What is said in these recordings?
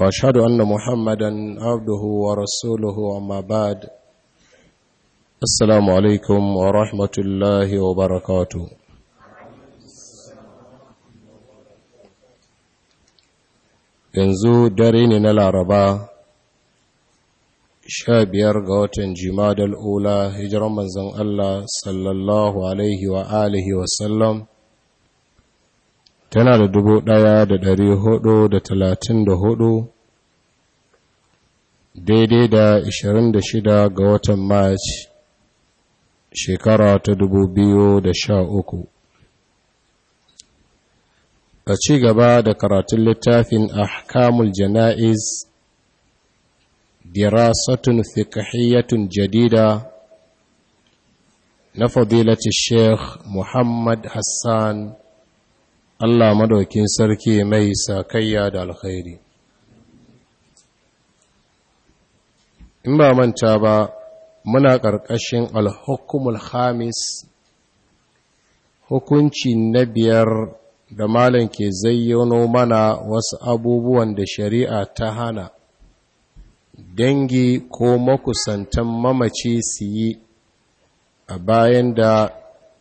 واشهد ان محمدا عبده ورسوله اما بعد السلام عليكم ورحمه الله وبركاته yanzu dare ne na laraba sha biyar ga watan jimadal ula hijiran manzon Allah sallallahu alaihi wa alihi wasallam tana da dubu ɗaya da dari hudu da talatin da hudu daidai da 26 ga watan march shekara ta 2013 a ci gaba da karatun littafin ahkamul jana'iz dirasatun fiqhiyyatun jadida na fadilati sheikh muhammad hassan allah madaukin sarki mai sakayya da alkhairi in ba manta ba muna ƙarƙashin alhukumul hamis hukunci na biyar da malam ke zayyano mana wasu abubuwan da shari'a ta hana dangi ko makusantan mamaci su yi a bayan da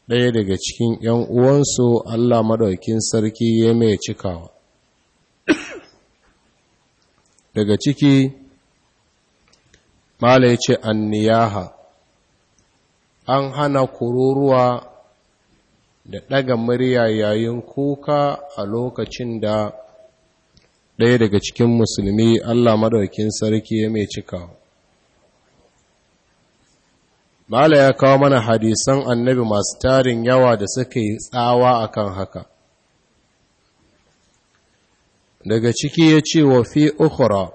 ɗaya daga cikin ‘yan uwansu Allah maɗaukin sarki ya mai cikawa daga ciki mala ya ce anniyaha an hana kururuwa da ɗaga murya yayin kuka a lokacin da ɗaya daga cikin musulmi Allah maɗaukin sarki ya mai cika. Mala ya kawo mana hadisan annabi masu tarin yawa da suka yi tsawa akan haka. Daga ciki ya ce wa fi ukura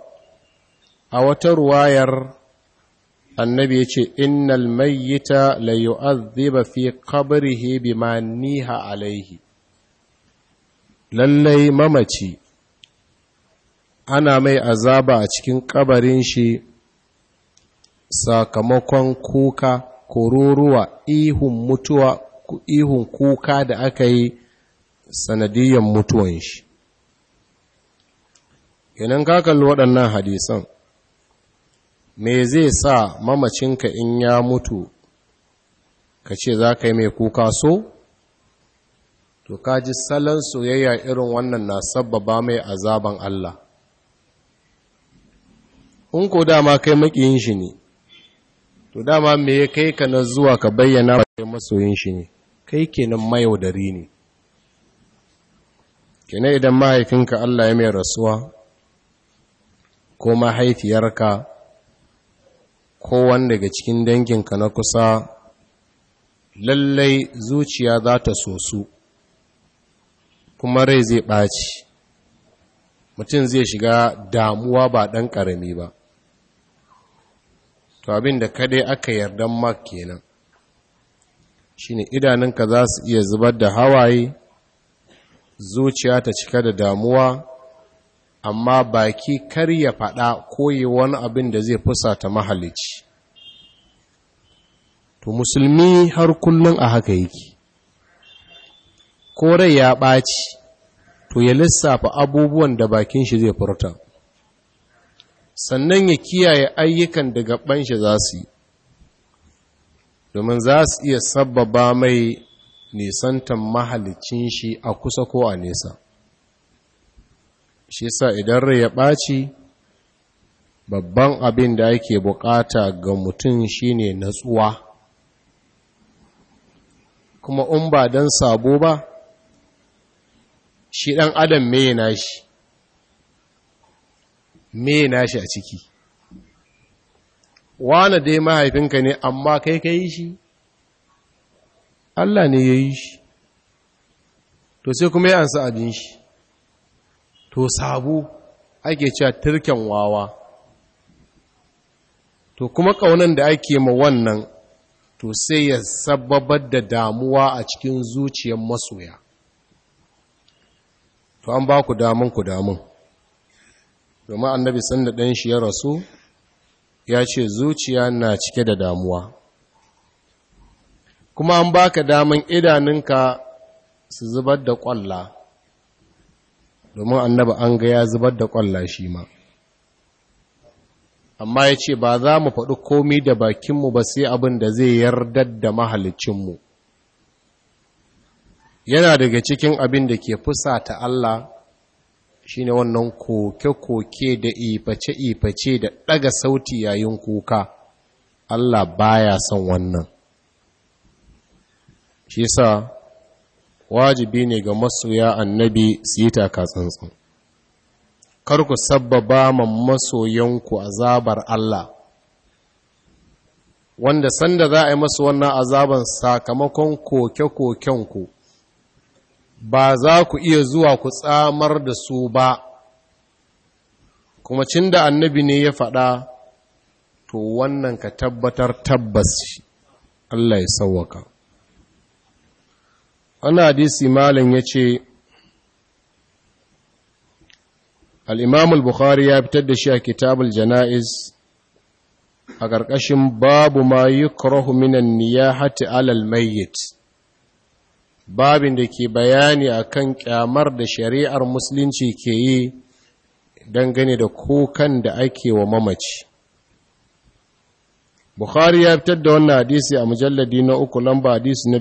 a wata ruwayar annabi ya ce innal mayyita la ba fi qabrihi bima niha alaihi lallai mamaci ana mai azaba a cikin kabarin shi sakamakon kuka kururuwa ihun mutuwa ihun kuka da aka yi sanadiyyar mutuwan shi kenan ka kalli waɗannan hadisan me zai sa mamacinka in ya mutu ka ce za ka yi mai kuka so to ji salon soyayya irin wannan na sabbaba mai azaban Allah in ko dama kai makiyin shi ne to dama me ya kai ka na zuwa ka bayyana ba kai masoyin shi ne kai kenan mayaudari ne kenan idan mahaifinka Allah ya mai rasuwa ko mahaifiyarka kowane daga cikin danginka na kusa lallai zuciya za ta sosu kuma rai zai ɓaci mutum zai shiga damuwa ba ɗan ƙarami ba to abin da kaɗai aka yarda mak kenan shine idanunka za su iya zubar da hawaye zuciya ta cika da damuwa amma baki kar ya faɗa koyi wani abin da zai fusata mahalici to musulmi har kullum a haka yake rai ya ɓaci to ya lissafa abubuwan da bakin shi zai furta sannan ya kiyaye ayyukan da gaban shi za su yi domin za su iya sababa mai nisantan mahalicin shi a kusa ko a nesa shi sa idan rai ya ɓaci babban abin da ake bukata ga mutum shine natsuwa kuma in ba don sabo ba shi ɗan adam me na shi me na shi a ciki wane dai mahaifinka ne amma kai ka yi shi Allah ne ya yi shi to sai kuma yi ansa abin shi to sabu ake cewa turken wawa to kuma ƙaunan da ake ma wannan to sai ya sababar da damuwa a cikin zuciyar masoya to an ba ku damun ku damun domin annabi da ɗan shi ya rasu ya ce zuciya na cike da damuwa kuma an baka damun idanunka su zubar da ƙwalla domin annaba an ga ya zubar da ƙwalla shi ma amma ya ce ba za mu faɗi komi da bakinmu ba sai abin da zai yarda da mahalicinmu yana daga cikin abin da ke fusata Allah shi ne wannan koke-koke da iface-iface da ɗaga sauti yayin kuka Allah baya son wannan shi sa wajibi ne ga masoya annabi su yi taka kar ku sabbaba ma masoyanku azabar Allah wanda sanda za a yi masu wannan azaban sakamakon koke-kokenku ba za ku iya zuwa ku tsamar da su ba kuma cin da annabi ne ya faɗa to wannan ka tabbatar tabbas Allah ya sauwaka wannan hadisi malam ya ce al'imamul bukhari ya fitar da shi a kitabul jana'iz a ƙarƙashin babu ma yi minan niyahati alal mayyit babin da ke bayani a kan ƙyamar da shari'ar musulunci ke yi dangane da kukan da ake wa mamaci Bukhari ya fitar da wannan hadisi a mujalladi na uku lamba hadisi na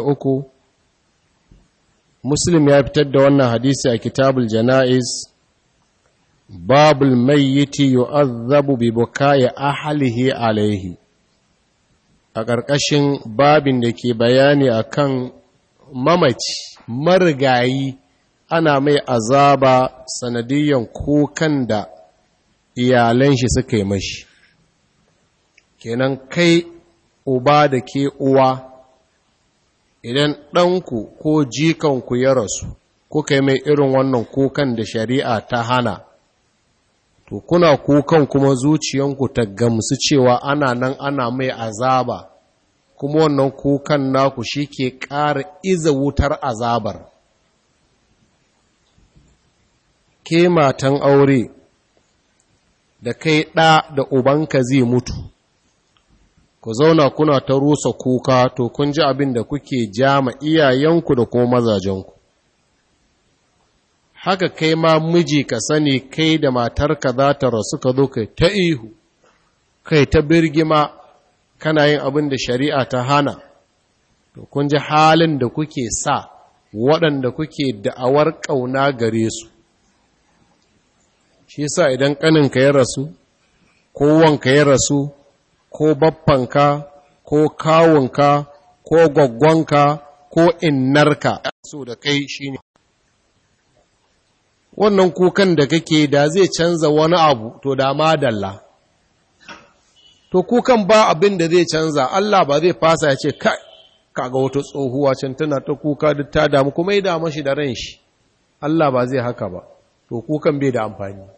uku. Muslim ya fitar da wannan hadisi a kitabul jana'iz, babul mayyiti yu'azzabu bi bukai ahlihi alaihi. A ƙarƙashin babin da ke bayani a kan mamaci, marigayi, ana mai azaba sanadiyan kukan da iyalan shi suka yi mashi. kenan kai uba da ke uwa idan ɗanku ko jikanku ya rasu kuka yi mai irin wannan kukan da shari'a ta hana to kuna kukan kuma zuciyanku ta gamsu cewa ana nan ana mai azaba kuma wannan kukan naku shi ke ƙara iza wutar azabar ke matan aure da kai ɗa da ubanka zai mutu ku zauna kuna ta rusa kuka to kun ji abin da kuke jama iyayenku da kuma mazajenku haka kai ma miji ka sani kai da matarka za ta rasu ka zo kai ta ihu kai ta birgima kana yin abin da shari'a ta hana to kun ji halin da kuke sa waɗanda kuke da'awar ƙauna gare su shi sa idan ƙaninka ya rasu kowanka ya rasu ko baffanka ko kawunka ko gwaggonka, ko innarka so da kai shine wannan kukan da kake da zai canza wani abu to da madalla to kukan ba abin da zai canza Allah ba zai fasa ya ce kai kaga wata tsohuwa can tana ta kuka duk ta damu kuma ya damu shi da ran shi Allah ba zai haka ba to kukan bai da amfani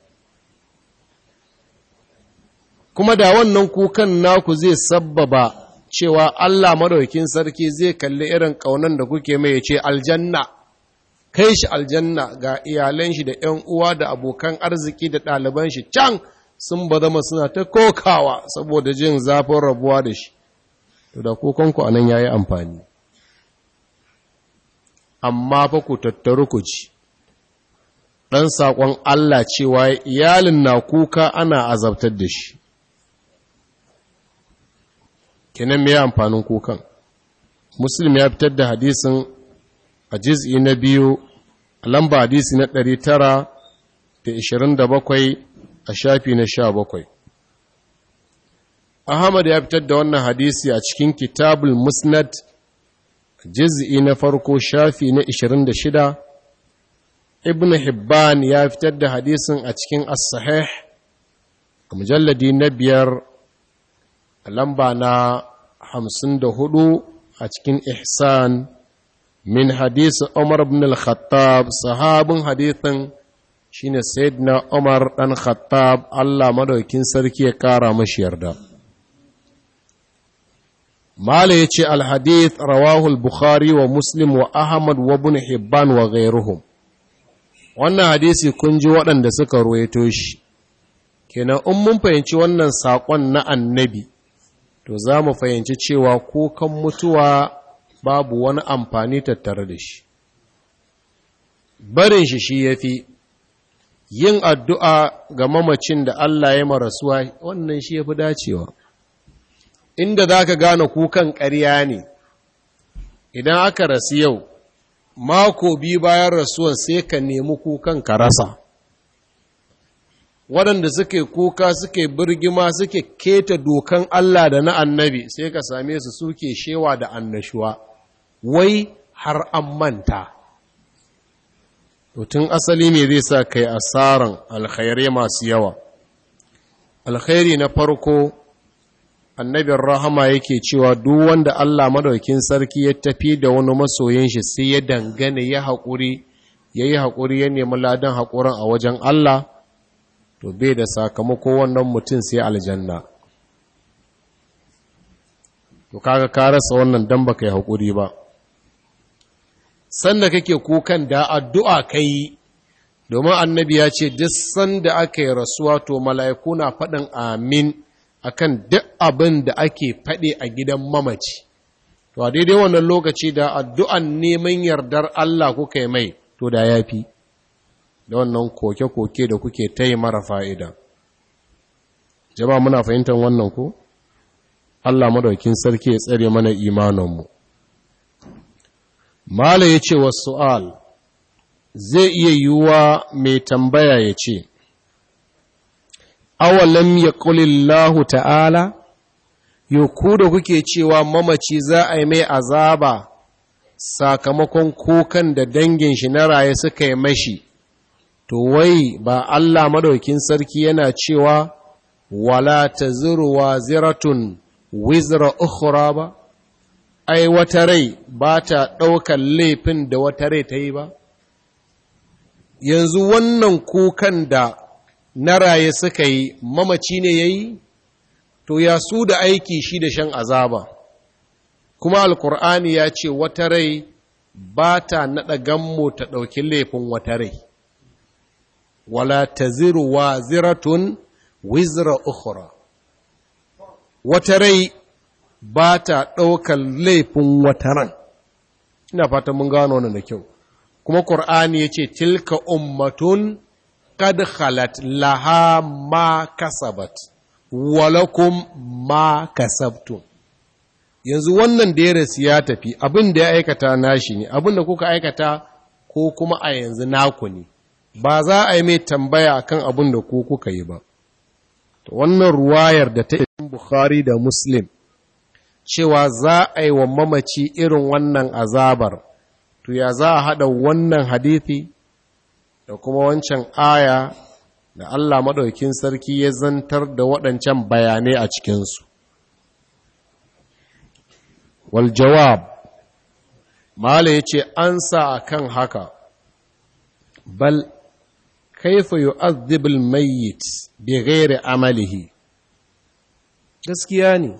kuma da wannan kukan naku zai sabbaba cewa Allah madaukin sarki zai kalli irin ƙaunar da kuke mai ya ce aljanna kai shi aljanna ga iyalan shi da ‘yan uwa da abokan arziki da ɗaliban shi can sun ba zama suna ta kokawa saboda jin zafin rabuwa da shi to da kukan ku anan ya amfani amma fa ku tattaru ku ji Dan saƙon Allah cewa iyalin na kuka ana azabtar da shi kenan me amfanin kukan muslim ya fitar da hadisin a juz'i na biyu a lamba hadisi na 927 a shafi na 17 Ahmad ya fitar da wannan hadisi a cikin Kitabul Musnad juz'i na farko shafi na 26 Ibn Hibban ya fitar da hadisin a cikin As-Sahih a mujalladi na biyar lamba na hamsin da hudu a cikin ihsan min hadisi umar bin al-khattab sahabin hadithin shine na umar dan khattab Allah madaukin sarki ya kara mashi yarda mala ya ce hadith Rawahul, bukhari wa muslim wa ahmad wa ibn hibban wa ghayruhum wannan hadisi kun ji waɗanda suka ruwaito shi kenan in mun fahimci wannan sakon na annabi to za mu fahimci cewa kukan mutuwa babu wani amfani tattare da shi barin shi shi ya fi yin addu'a ga mamacin da Allah ya marasuwa wannan shi ya fi dacewa inda za ka gane kukan ƙarya ne idan aka rasu yau mako biyu bayan rasuwan sai ka nemi kukan ka rasa waɗanda suke kuka suke birgima suke keta dokan Allah da na annabi sai ka same su suke shewa da annashuwa wai har an manta tun asali ne zai sa kai asaran alkhairai masu yawa alkhairi na farko annabin rahama yake cewa duk wanda Allah madaukin sarki ya tafi da wani masoyin shi sai ya dangane ya haƙuri ya yi haƙuri ya nemi ladan haƙurin a wajen Allah to bai da sakamako wannan mutum sai aljanna to kaga ka rasa wannan dan baka yi hakuri ba sanda kake kukan da addu'a kai domin annabi ya ce duk sanda aka yi rasuwa to mala'iku na faɗin amin akan duk abin da ake faɗe a gidan mamaci to a daidai wannan lokaci da addu'an neman yardar Allah kuka yi mai to da yafi da wannan koke-koke da kuke ta yi mara fa'ida jama'a muna fahimtar wannan ku. Allah madaukin sarki ya tsare mana imanonmu. mala ya ce wa su'al zai iya yiwuwa mai tambaya ya ce awalam ya ƙulillahu ta'ala ku da kuke cewa mamaci za a yi mai azaba sakamakon kukan da dangin shi na raye suka yi mashi to wai ba Allah madaukin sarki yana cewa wala wa ziratun wizra ukhra ba ai wata rai ba ta ɗaukar laifin da wata rai ta yi ba yanzu wannan kukan da na raye suka yi mamaci ne ya yi to ya su da aiki shi da shan azaba kuma alkur'ani ya ce wata rai ba ta naɗa gammo ta ɗauki laifin wata rai wala taziru waziratun wizra ukhra wata rai ba ta ɗaukar laifin wata ina fata mun gano wannan da kyau kuma qur'ani yace tilka ummatun qad khalat laha ma kasabat walakum ma kasabtum yanzu wannan da ya rasu ya tafi abin da ya aikata nashi ne abin da kuka aikata ko kuma a yanzu naku ne ba za a yi mai tambaya kan abin da ku kuka yi ba to wannan ruwayar da ta yi Bukhari da Muslim cewa za a yi wa mamaci irin wannan azabar to ya za a haɗa wannan hadithi da kuma wancan aya da Allah maɗaukin sarki ya zantar da waɗancan bayanai a cikinsu. Wal jawab, Mala ya ce an sa a haka, bal kaifa yu'adhibul mayyit bi ghairi amalihi gaskiya ne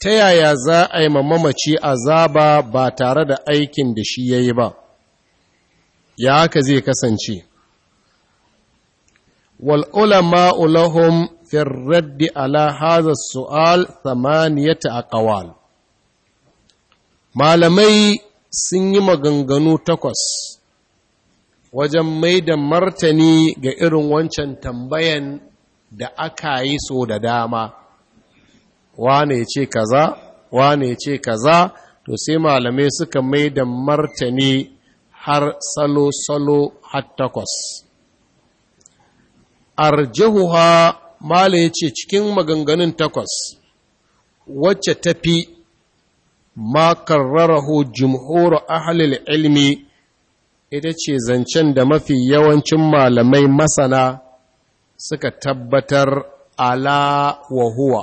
ta yaya za a yi mamaci azaba ba tare da aikin da shi yi ba ya haka zai kasance Wal'ula ma'ulahun firraddi fi ala hadha su'al thamaniyata aqwal malamai sun yi maganganu takwas wajen mai da martani ga irin wancan tambayan da aka yi so da dama wane ce kaza wane ce kaza to sai malamai suka mai da martani har salo-salo har takwas Arjihuwa mala ya ce cikin maganganun takwas wacce tafi ma karrarahu jumhur ilmi ita ce zancen da mafi yawancin malamai masana suka tabbatar ala wa huwa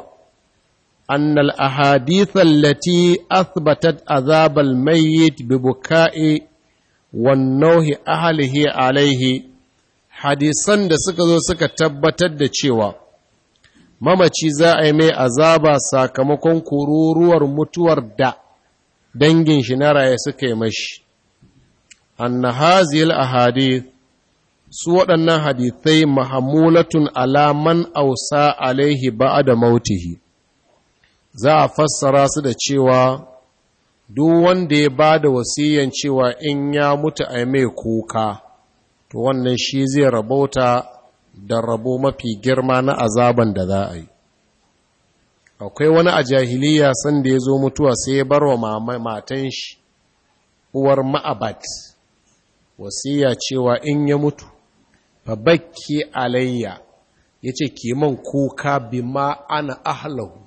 annal ahadith lati athbatat azab almayyit bi buka'i wan nauhi ahlihi alaihi hadisan da suka zo suka tabbatar da cewa mamaci za a yi mai azaba sakamakon kururuwar mutuwar da dangin shi na raye suka yi mashi anna hazil ahadith su waɗannan hadithai mahamulatun alaman ausa alaihi da mautihi za a fassara su da cewa duk wanda ya ba da wasiyan cewa in ya mutu a mai kuka to wannan shi zai rabauta da rabo mafi girma na azaban da za a yi akwai wani a jahiliya sanda ya zo mutuwa sai ya bar wa matan shi uwar ma'abat wasiya cewa in ya mutu fa alayya yace ki man kuka bi ma ana ahlahu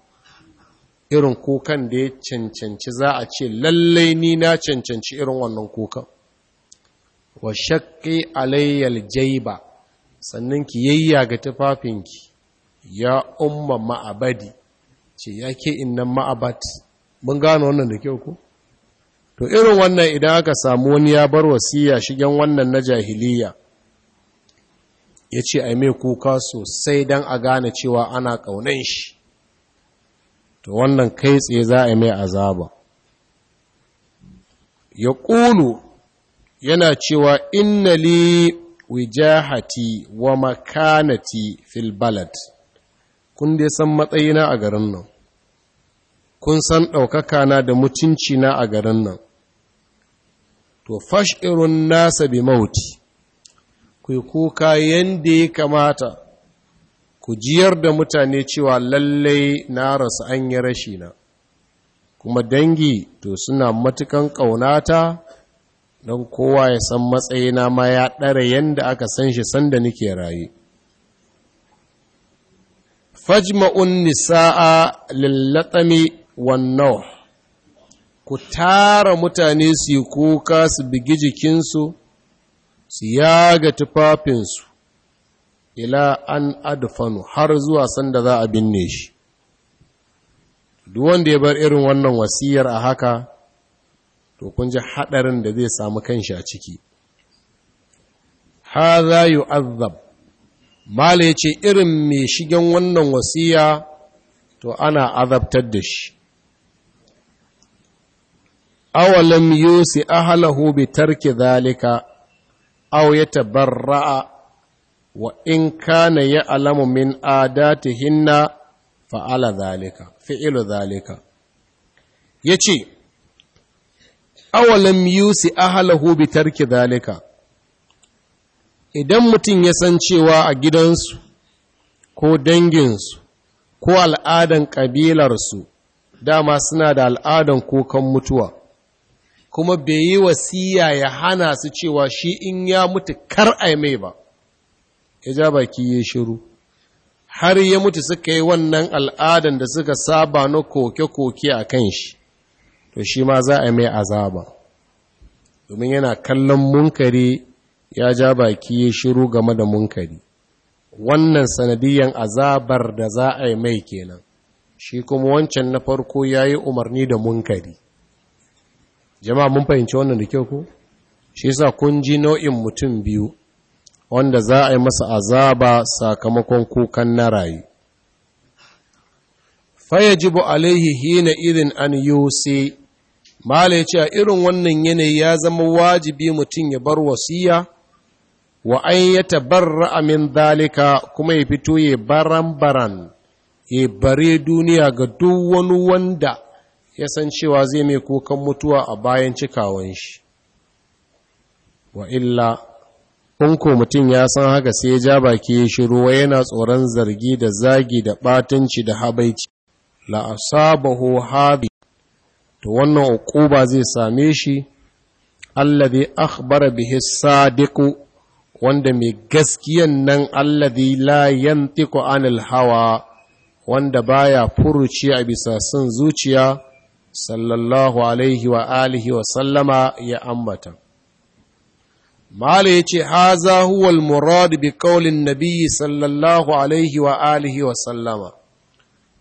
irin kukan da ya cancanci za a ce lallai ni na cancanci irin wannan kukan wa shaqqi alayyal jaiba sannan ki yayya ga tufafinki ya umma ma'abadi ce ya ke innan ma'abat mun gano wannan da kyau ku to irin wannan idan aka samu wani ya bar wasiya shigen wannan na jahiliya ya ce a mai kuka sosai don a gane cewa ana ƙaunan shi to wannan kai tsaye za a mai azaba ya ƙulu yana cewa inna le wijahati wa makanati fil ballad kun dai san matsayina a garin nan kun san ɗaukaka na da mutuncina a garin nan to fash'irun nasa bi mauti ku kuka yanda ya kamata ku jiyar da mutane cewa lallai na rasu an yi rashi na kuma dangi to suna matukan ƙaunata don kowa ya san matsayina ma ya ɗara yadda aka san shi sanda nake raye fajma'un nisa'a lillatsami wannan ku tara mutane su yi kuka su bigi jikinsu su yaga tufafinsu ila an adfanu har zuwa sanda za a binne shi duwan da ya bar irin wannan wasiyar a haka to kun ji hadarin da zai samu kanshi a ciki Ha za yi azab? mala ce irin mai shigen wannan wasiya to ana azabtar da shi awalam yusi ahalahu bi tarki zalika aw yatabarra'a wa in kana ya'lamu min adatihinna fa'ala zalika fi'lu zalika yace awalam yusi ahalahu bi tarki zalika idan mutum ya san cewa a gidansu ko danginsu ko al'adan ƙabilarsu dama suna da al'adan kukan mutuwa kuma bai yi wasiya ya hana su cewa shi in ya mutu kar a mai ba ya ja baki ya shiru har ya mutu suka yi wannan al'adar da suka saba na koke-koke a kan shi to shi ma za a mai azaba domin yana kallon munkari ya ja baki ya shiru game da munkari wannan sanadiyan azabar da za a mai kenan shi kuma wancan na farko ya yi umarni da munkari jama'a mun fahimci wannan da kyau ko shi yasa kun ji nau'in mutum biyu wanda za a yi masa azaba sakamakon kukan na rayu fayajibu alaihi hina irin an yusi mala ce a irin wannan yanayi ya zama wajibi mutum ya bar wasiya wa an ya tabarra min dalika kuma ya fito ya baran-baran ya bare duniya ga duk wani wanda ya san cewa zai mai kukan mutuwa a bayan cikawan shi wa illa ko mutum ya san haka sai ya ja baki ya shiru yana tsoron zargi da zagi da batanci da habaici la asabahu habi to wannan uquba zai same shi alladhi akhbara bihi sadiqu wanda mai gaskiyan nan alladhi layan yantiqu anil hawa wanda baya furuci a bisa son zuciya sallallahu alaihi wa alihi wa sallama ya ambata mala ya ce haza huwal murad bi kaulin nabiyyi sallallahu alaihi wa alihi wa sallama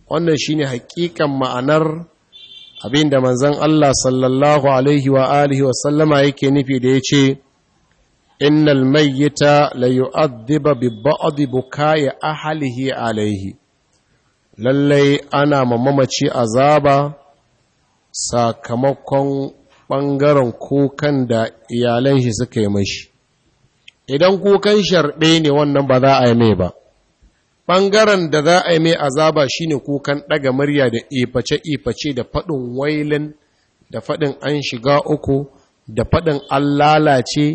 wannan shi ne hakikan ma'anar abinda manzon Allah sallallahu alaihi wa alihi wa sallama yake nufi da ya yace innal mayyita la yu'adhiba bi ba'd bukai ahlihi alaihi lallai ana mamamaci azaba sakamakon ɓangaren kukan da iyalan shi suka yi mashi idan kukan sharɓe ne wannan ba za a yi mai ba ɓangaren da za a yi mai azaba ne kukan ɗaga murya da iface-iface da faɗin wailin da faɗin an shiga uku da faɗin an lalace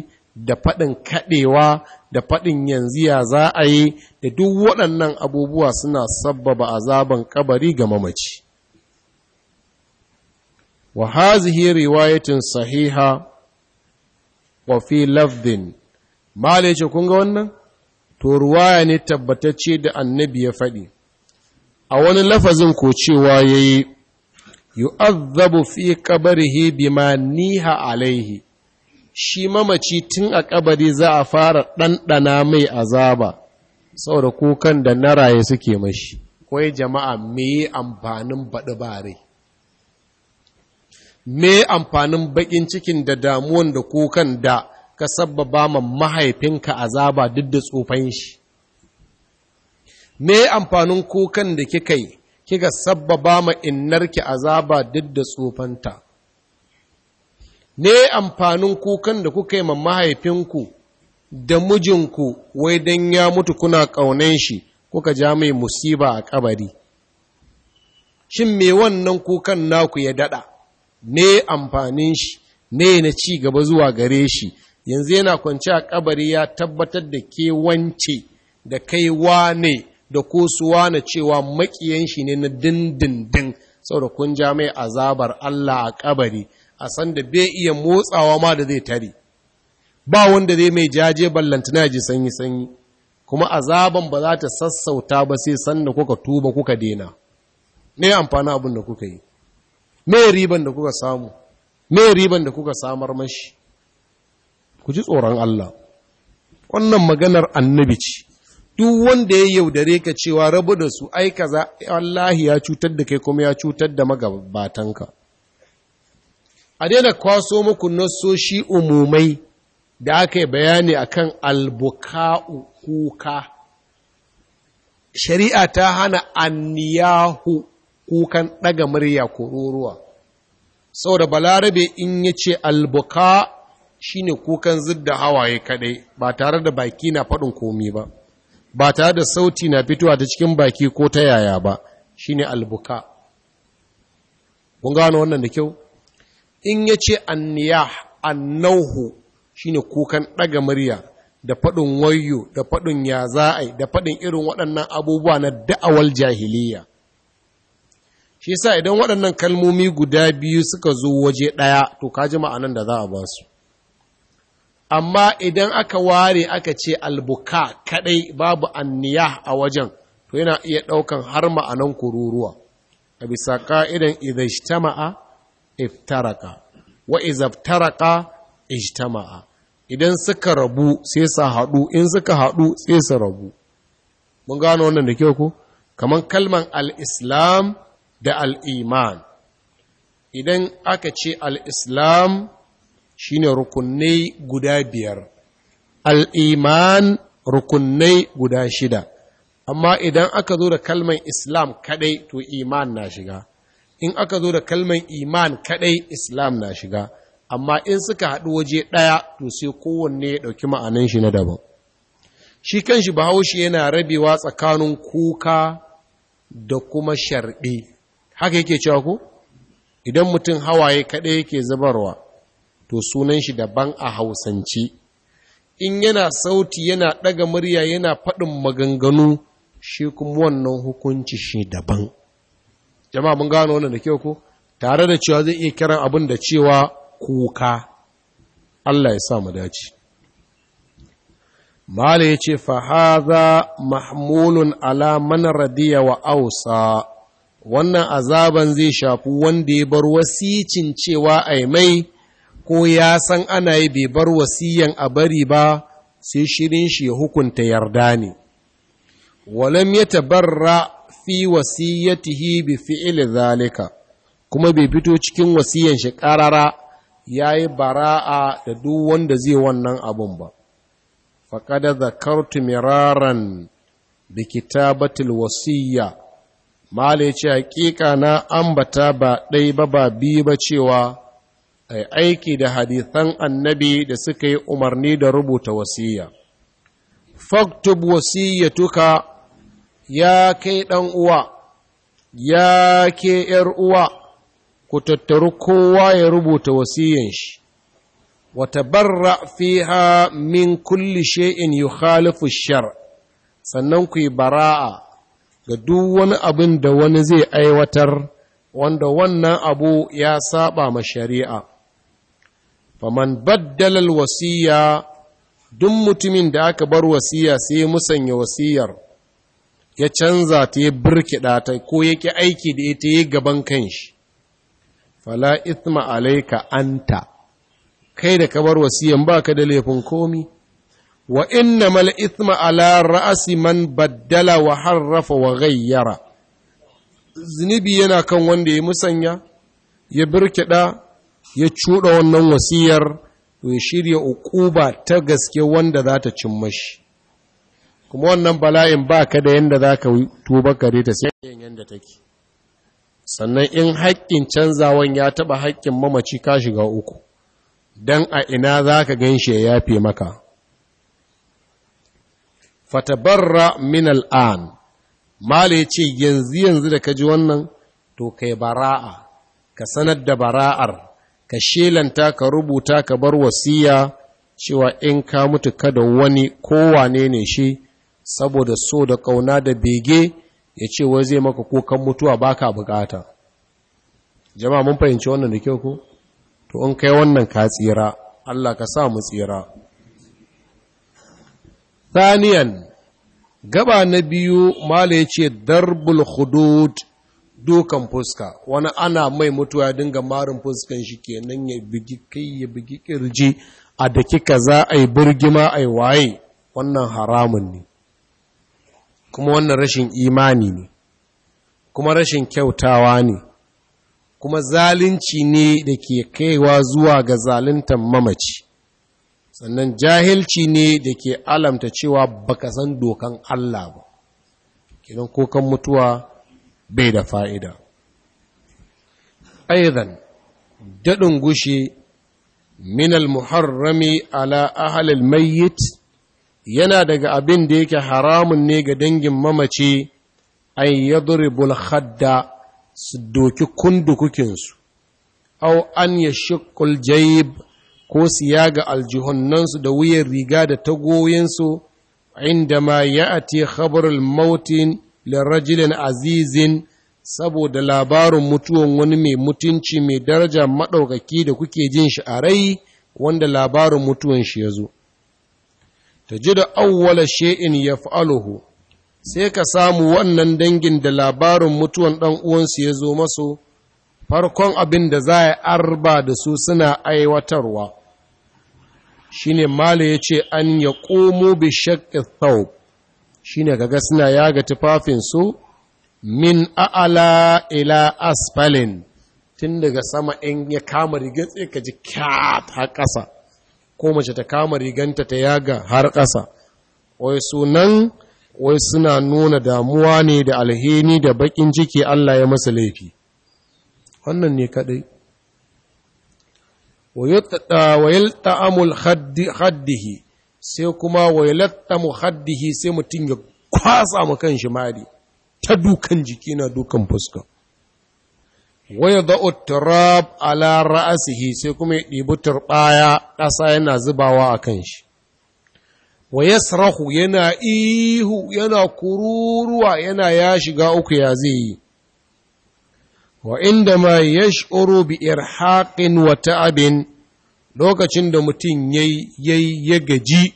da faɗin kaɗewa da faɗin yanzu ya za a yi da duk waɗannan abubuwa suna sabbaba azaban kabari ga mamaci wa hazihi riwayatin sahiha wa fi lafdin malai ce kun ga wannan to ruwaya ne tabbatacce da annabi ya faɗi a wani lafazin ko cewa yayi yu'azzabu fi qabrihi bima niha alaihi shi mamaci tun a kabari za a fara ɗanɗana mai azaba saboda kukan da na raye suke mashi kawai jama'a me amfanin baɗi bare me amfanin baƙin cikin da damuwan da kukan da ka sabbaba ma mahaifinka azaba duk da tsofan shi me amfanin kukan da kika yi kika sabbaba ma innarki azaba duk da tsofanta Me amfanin kukan da kuka yi ma mahaifinku da mijinku wai dan ya mutu kuna ƙaunan shi kuka ja mai musiba a kabari shin me wannan kukan naku ya daɗa ne amfanin shi ne na ci gaba zuwa gare shi yanzu yana kwanci a kabari ya tabbatar da ke da kai wane da ko su wane cewa makiyan shi ne na dindindin saboda kun ja mai azabar Allah a kabari a san da bai iya motsawa ma da zai tare ba wanda zai mai jaje na ji sanyi sanyi kuma azaban ba za ta sassauta ba sai sanda kuka tuba kuka dena ne amfani abin da kuka yi me riban da kuka samu me riban da samar mashi ku ji tsoron Allah wannan maganar annabi ce duk wanda ya yaudare ka cewa rabu da su ai kaza wallahi ya cutar da kai kuma ya cutar da magabatanka a daina kwaso muku nasoshi umumai da aka yi bayani akan albuka'u kuka shari'a ta hana anniyahu kukan ɗaga murya ko ruruwa saboda balarabe in ya ce albuka shi ne kukan zidda hawaye kaɗai ba tare da baki na faɗin komi ba ba tare da sauti na fitowa ta cikin baki ko ta yaya ba shi ne albuka kun gano wannan da kyau in ya ce anniya, annauhu ne kukan ɗaga murya da faɗin wayo da faɗin ya za'ai da faɗin irin waɗannan abubuwa na da'awar jahiliya shi sa idan waɗannan kalmomi guda biyu suka zo waje ɗaya to ka ji ma'anan da za a ba su amma idan aka ware aka ce albuka kaɗai babu anniya a wajen to yana iya ɗaukan har ma'anan kururuwa a bisa ka'idan idajtama'a iftaraka wa izaftaraka ijtama'a idan suka rabu sai su haɗu in suka haɗu sai su rabu mun gano wannan da kyau ko Kamar kalman al-islam da al'iman idan aka ce al'islam shi ne rukunai guda biyar al'iman rukunai guda shida amma idan aka zo da kalman islam kadai to iman na shiga in aka zo da kalman iman kadai islam na shiga amma in suka haɗu waje ɗaya to sai kowanne ya ɗauki ma'anan shi na daban shi kanshi bahaushe yana rabewa tsakanin kuka da kuma sharɗi haka yake cewa ku idan mutum hawaye kaɗai yake zubarwa to sunan shi daban a hausance in yana sauti yana ɗaga murya yana faɗin maganganu shi kuma wannan hukunci shi daban jama'a mun gano wannan da kyau ko tare da cewa zai iya kiran abin da cewa kuka Allah ya sa mu dace Mala ya ce, Fahaza mahmulun ala man radiya wa ausa, wannan azaban zai shafi wanda ya bar wasicin cewa aimai mai ko ya san ana yi bai bar wasiyan a bari ba sai shirin shi ya hukunta yarda ne walam ya tabarra fi wasiyyatihi bi fi'il zalika kuma bai fito cikin wasiyan shi karara yi bara'a da duk wanda zai wannan abun ba faqad zakartu miraran bi kitabatil wasiyya mala ya ce hakika na ambata ba ɗai ba ba biyu ba cewa ai aiki da hadithan annabi da suka yi umarni da rubuta wasiya faktub wasiyatuka ya kai ɗan uwa ya ke ‘yar uwa ku tattaru kowa ya rubuta wasiyan shi wata barra fiha min kulli shay'in yukhalifu shar sannan ku yi bara'a ga duk wani abin da wani zai aiwatar wanda wannan abu ya saba ma shari'a faman baddalar wasiya duk mutumin da aka bar wasiya sai musanya wasiyar ya canza ta ya birkiɗa ta ko yake aiki da ita ya gaban kanshi fala ithma alaika anta kai da ka bar wasiyan baka da laifin komi wa inna mal ithma ala ra'asi man baddala wa harrafa wa ghayyara zunubi yana kan wanda ya musanya ya birkida ya cuɗa wannan wasiyar to ya shirya uquba ta gaske wanda za ta cin mashi kuma wannan bala'in ba ka da yanda za ka tuba kare ta sai yanda take sannan in haƙƙin canzawan ya taɓa haƙƙin mamaci ka shiga uku Dan a ina za ka gan shi ya yafe maka fatabarra min al'an mala ya ce yanzu yanzu da ka ji wannan to kai bara'a ka sanar da bara'ar ka shelanta ka rubuta ka bar wasiya cewa in ka mutu kada wani kowane ne shi saboda so da ƙauna da bege ya ce wai zai maka kukan mutuwa baka bukata jama'a mun fahimci wannan da kyau ko to in kai wannan ka tsira Allah ka sa mu tsira Saniyan, gaba na biyu Mala ya ce, Darbul hudud dukan fuska, wani ana mai mutuwa dinga marin fuskan shi kenan ya bigi kai ya bigi kirji a da kika za a yi burgima a yi waye, wannan haramun ne, kuma wannan rashin imani ne, kuma rashin kyautawa ne, kuma zalunci ne da ke kaiwa zuwa ga zaluntan mamaci. sannan jahilci ne da ke alamta cewa baka san dokan Allah ba kidan kokan mutuwa bai da fa'ida Aizan, daɗin gushi minal muharrami ala ahalil mayyit yana daga abin da yake haramun ne ga dangin mamaci an hadda khadda su doki kundukukinsu au an yashiqul jayib ko siya ga aljihunansu da wuyan riga da tagoyinsu inda ma ya ati khabarul mautin lirajilin azizin saboda labarin mutuwan wani mai mutunci mai daraja maɗaukaki da kuke jin shi a rai wanda labarin mutuwan shi ya zo ta ji da Auwala she'in ya fa'aluhu sai ka samu wannan dangin da labarin mutuwan ɗan uwansu ya zo masu farkon abin da za a arba da su suna aiwatarwa shine mala yace an yaqumu bi shaqqi thawb shine kaga suna yaga tufafin su min a'ala ila asfalin tun daga sama in ya kama rigar sai ka ji kyat har ƙasa ko mace ta kama riganta ta yaga har ƙasa wai sunan wai suna nuna damuwa ne da alheni da bakin ciki Allah ya masa laifi wannan ne kadai wayalta'amul haddihi sai kuma wayaltamu haddihi sai mutum ya kwasa ma kan shi ta dukan jiki na dukan fuska waya da'u turab ala ra'asihi sai kuma ya ɗibi turɓaya ƙasa yana zubawa a kan shi wa yana ihu yana kururuwa yana ya shiga uku ya zai yi wa inda ma yash'uru bi irhaqin wa ta'abin lokacin da mutum ya yayi ya gaji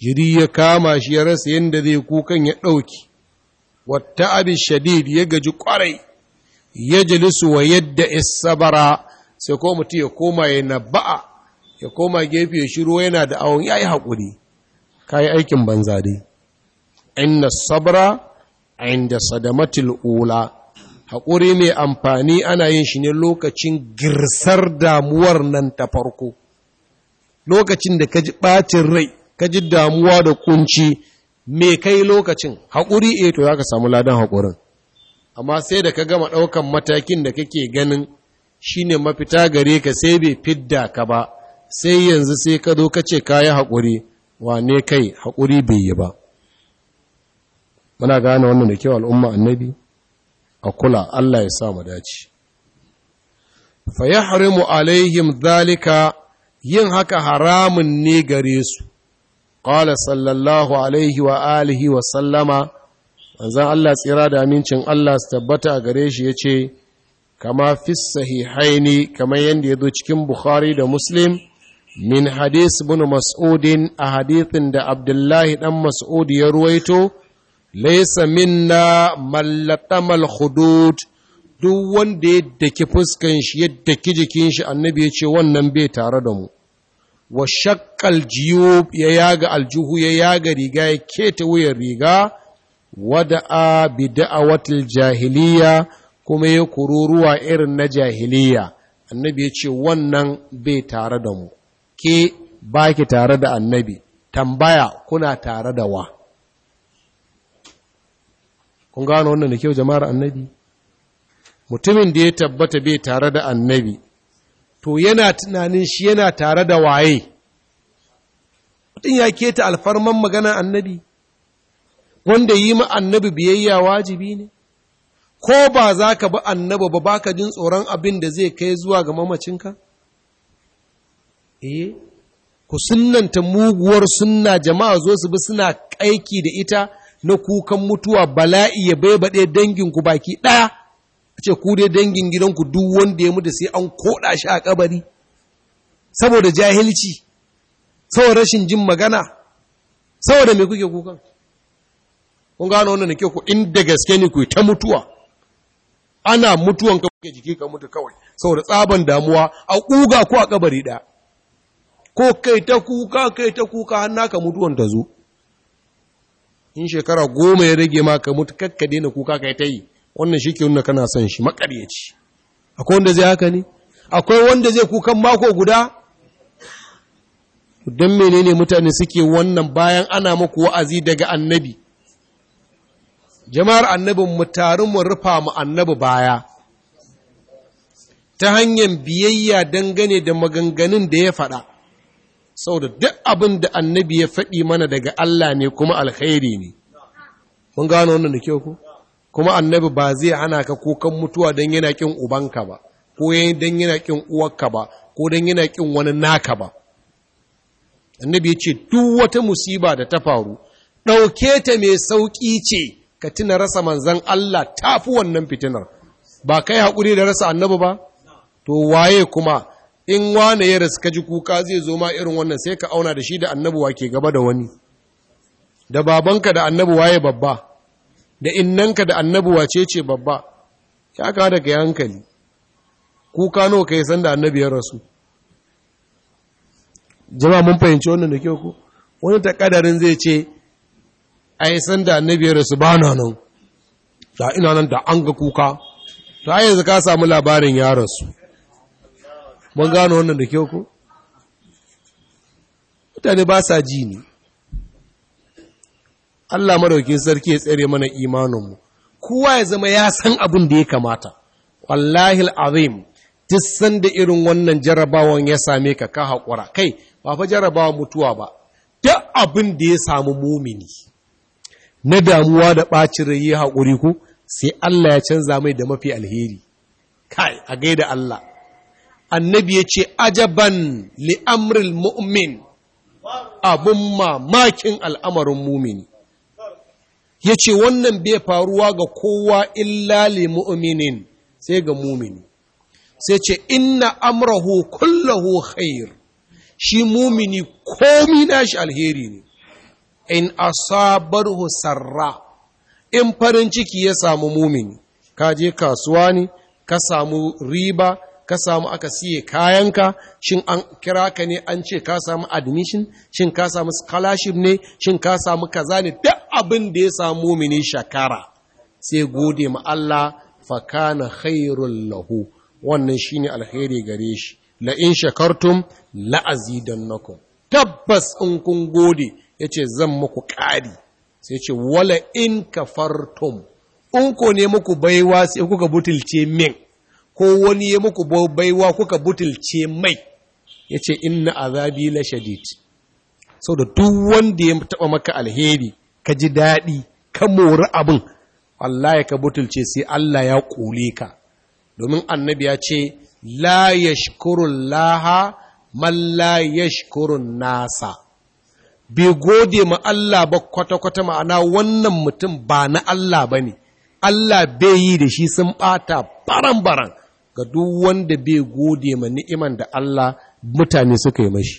jiri ya kama shi ya rasa yadda zai kukan ya ɗauki wata abin shadid ya gaji kwarai ya jalisu wa yadda isabara sai ko mutum ya koma ya naba'a ya koma gefe ya shiro yana da awon yayi haƙuri kayi aikin banza dai inna sabra inda sadamatil ula haƙuri mai amfani ana yin shi ne lokacin girsar damuwar nan ta farko lokacin da ka ji ɓacin rai ka ji damuwa da kunci mai kai lokacin haƙuri e to za ka samu ladan haƙurin amma sai da ka gama ɗaukan matakin da kake ganin shi ne mafita gare ka sai bai fidda ka ba sai yanzu sai ka zo ka ce ka yi haƙuri wane kai haƙuri bai yi ba muna gane wannan da kyau al'umma annabi a kula Allah ya sa mu dace fa yahrimu alaihim zalika yin haka haramun ne gare su qala sallallahu alaihi wa alihi wa sallama manzon Allah tsira da amincin Allah su tabbata gare shi yace kama fi sahihaini kamar yadda ya zo cikin Bukhari da Muslim min hadis bin Mas'udin a hadithin da Abdullahi dan Mas'ud ya ruwaito laisa minna mallatamal hudud duk wanda ya daki fuskan shi ya daki jikin shi annabi ya ce wannan bai tare da mu wa shakkal jiyo ya yaga aljuhu ya yaga riga ya keta wuyar riga wada'a bi da'awatil jahiliya kuma ya kururuwa irin na jahiliya annabi ya ce wannan bai tare da mu ke baki tare da annabi tambaya kuna tare da wa kun gano wannan da kyau jama'ar annabi mutumin da ya tabbata bai tare da annabi to yana tunanin shi yana tare da waye mutum ya keta alfarman magana annabi wanda yi ma annabi biyayya wajibi ne ko ba za ka bi annabi ba ba ka jin tsoron abin da zai kai zuwa ga mamacinka eh ku sunnanta muguwar sunna jama'a zo su bi suna aiki da ita na kukan mutuwa bala'i ya baibaɗe danginku baki ɗaya a ce ku dai dangin gidanku duk wanda ya mutu sai an koɗa shi a ƙabari. saboda jahilci saboda rashin jin magana saboda me kuke kukan kun gano wannan ke ku inda gaske ne ku ta mutuwa ana mutuwan ka kuke jiki ka mutu kawai saboda tsaban damuwa a ƙuga ko a ƙabari ɗaya ko kai ta kuka kai ta kuka hannaka mutuwan ta zo in shekara goma ya rage maka ka mutu kakka daina kuka kai ta yi wannan shi ke nuna kana son shi makaryaci akwai wanda zai haka ne akwai wanda zai kukan mako guda don menene mutane suke wannan bayan ana muku wa'azi daga annabi jama'ar annabin mu tarin mu rufa mu annabi baya ta hanyar biyayya dangane da maganganun da ya faɗa Sau da duk abin da annabi ya faɗi mana daga Allah ne kuma alkhairi ne mun gano wannan da kyau ku kuma annabi ba zai hana ka kukan mutuwa don yana kin ubanka ba ko don yana kin uwarka ba ko don yana kin wani naka ba annabi ya ce duk wata musiba da ta faru ɗauke ta mai sauƙi ce ka tuna rasa manzan Allah ta fi wannan fitinar ba kai haƙuri da rasa annabi ba to waye kuma in wane ya rasu kaji kuka zai zo ma irin wannan sai ka auna da shi da annabuwa ke gaba da wani da babanka da annabuwa ya babba da innanka da annabuwa ce ce babba ya ka da ka hankali kuka nawa ka yi san da annabi ya rasu jama mun fahimci wannan da kyau ko wani kadarin zai ce a yi san da annabi ya rasu ba na nan da ina nan da an ga kuka ta yanzu ka samu labarin ya rasu mun gano wannan da kyau ko mutane ba sa ji ne Allah madaukin sarki ya tsere mana imaninmu kowa ya zama ya san abin da ya kamata wallahi alazim duk da irin wannan jarabawan ya same ka ka haƙura kai ba fa jarrabawa mutuwa ba duk abin da ya samu mumini na damuwa da ɓacin rai ya haƙuri ko sai Allah ya canza mai da mafi alheri kai a gaida Allah annabi ya ce ajaban li'amril mu'min abun mamakin al'amarin mumini ya ce wannan bai faruwa ga kowa illa li mu'minin sai ga mumini sai ce inna amrahu kullahu khair shi mumini komi nashi alheri ne in asabarhu sarra in farin ciki ya samu mumini ka je kasuwa ne ka samu riba ka samu aka siye kayanka shin an kira ka ne an ce ka samu admission shin ka samu scholarship ne shin ka samu kaza ne duk abin da ya samu mini shakara sai gode ma Allah fa kana khairul lahu wannan shine alheri gare shi la in la'azi la azidannakum tabbas in kun gode yace zan muku ƙari sai ce wala in kafartum in ko ne muku baiwa sai kuka butulce min ko wani ya muku baiwa kuka butulce mai ya ce inna azabi la shadid sau da duk wanda ya taɓa maka alheri ka ji daɗi ka mori abin Allah ya ka butulce sai Allah ya ƙule ka domin annabi ya ce la yashkurun laha man la yashkurun nasa bai gode ma Allah ba kwata-kwata ma'ana wannan mutum ba na Allah ba ne Allah bai yi da shi sun ɓata baran-baran ga duk wanda bai gode ma ni'iman da Allah mutane suka yi mashi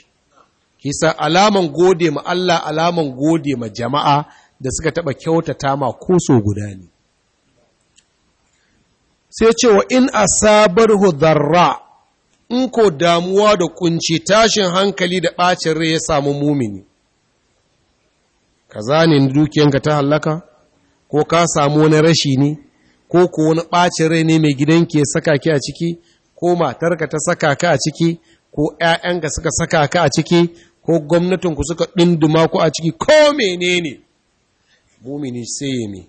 kisa alaman gode ma Allah alaman gode ma jama'a da suka taba kyautata ma ko so guda ne sai cewa wa in asabarhu hudarra, in ko damuwa da kunci tashin hankali da ɓacin rai ya samu mumini kaza ne dukiyanka ta hallaka ko ka samu wani rashi ne ko ko wani ɓacin rai ne mai gidanki ya saka ki a ciki ko matarka ta saka ka a ciki ko ‘ya'yanka suka saka ka a ciki ko gwamnatin ku suka ɗinduma ku a ciki ko menene mumini sai ya mi.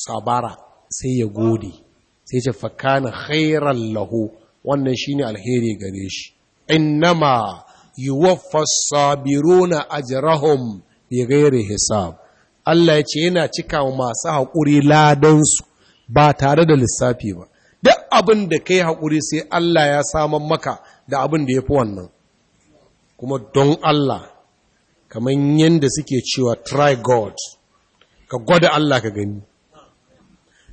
sabara sai ya gode sai ce fakana khairan lahu wannan shine alheri gare shi innama yuwaffas sabiruna ajrahum bi ghairi hisab Allah ya ce yana cika masu haƙuri ladansu ba tare da lissafi ba duk abin da kai haƙuri sai Allah ya saman maka da abin da ya fi wannan kuma don Allah kamar yadda suke cewa try God ka gwada Allah ka gani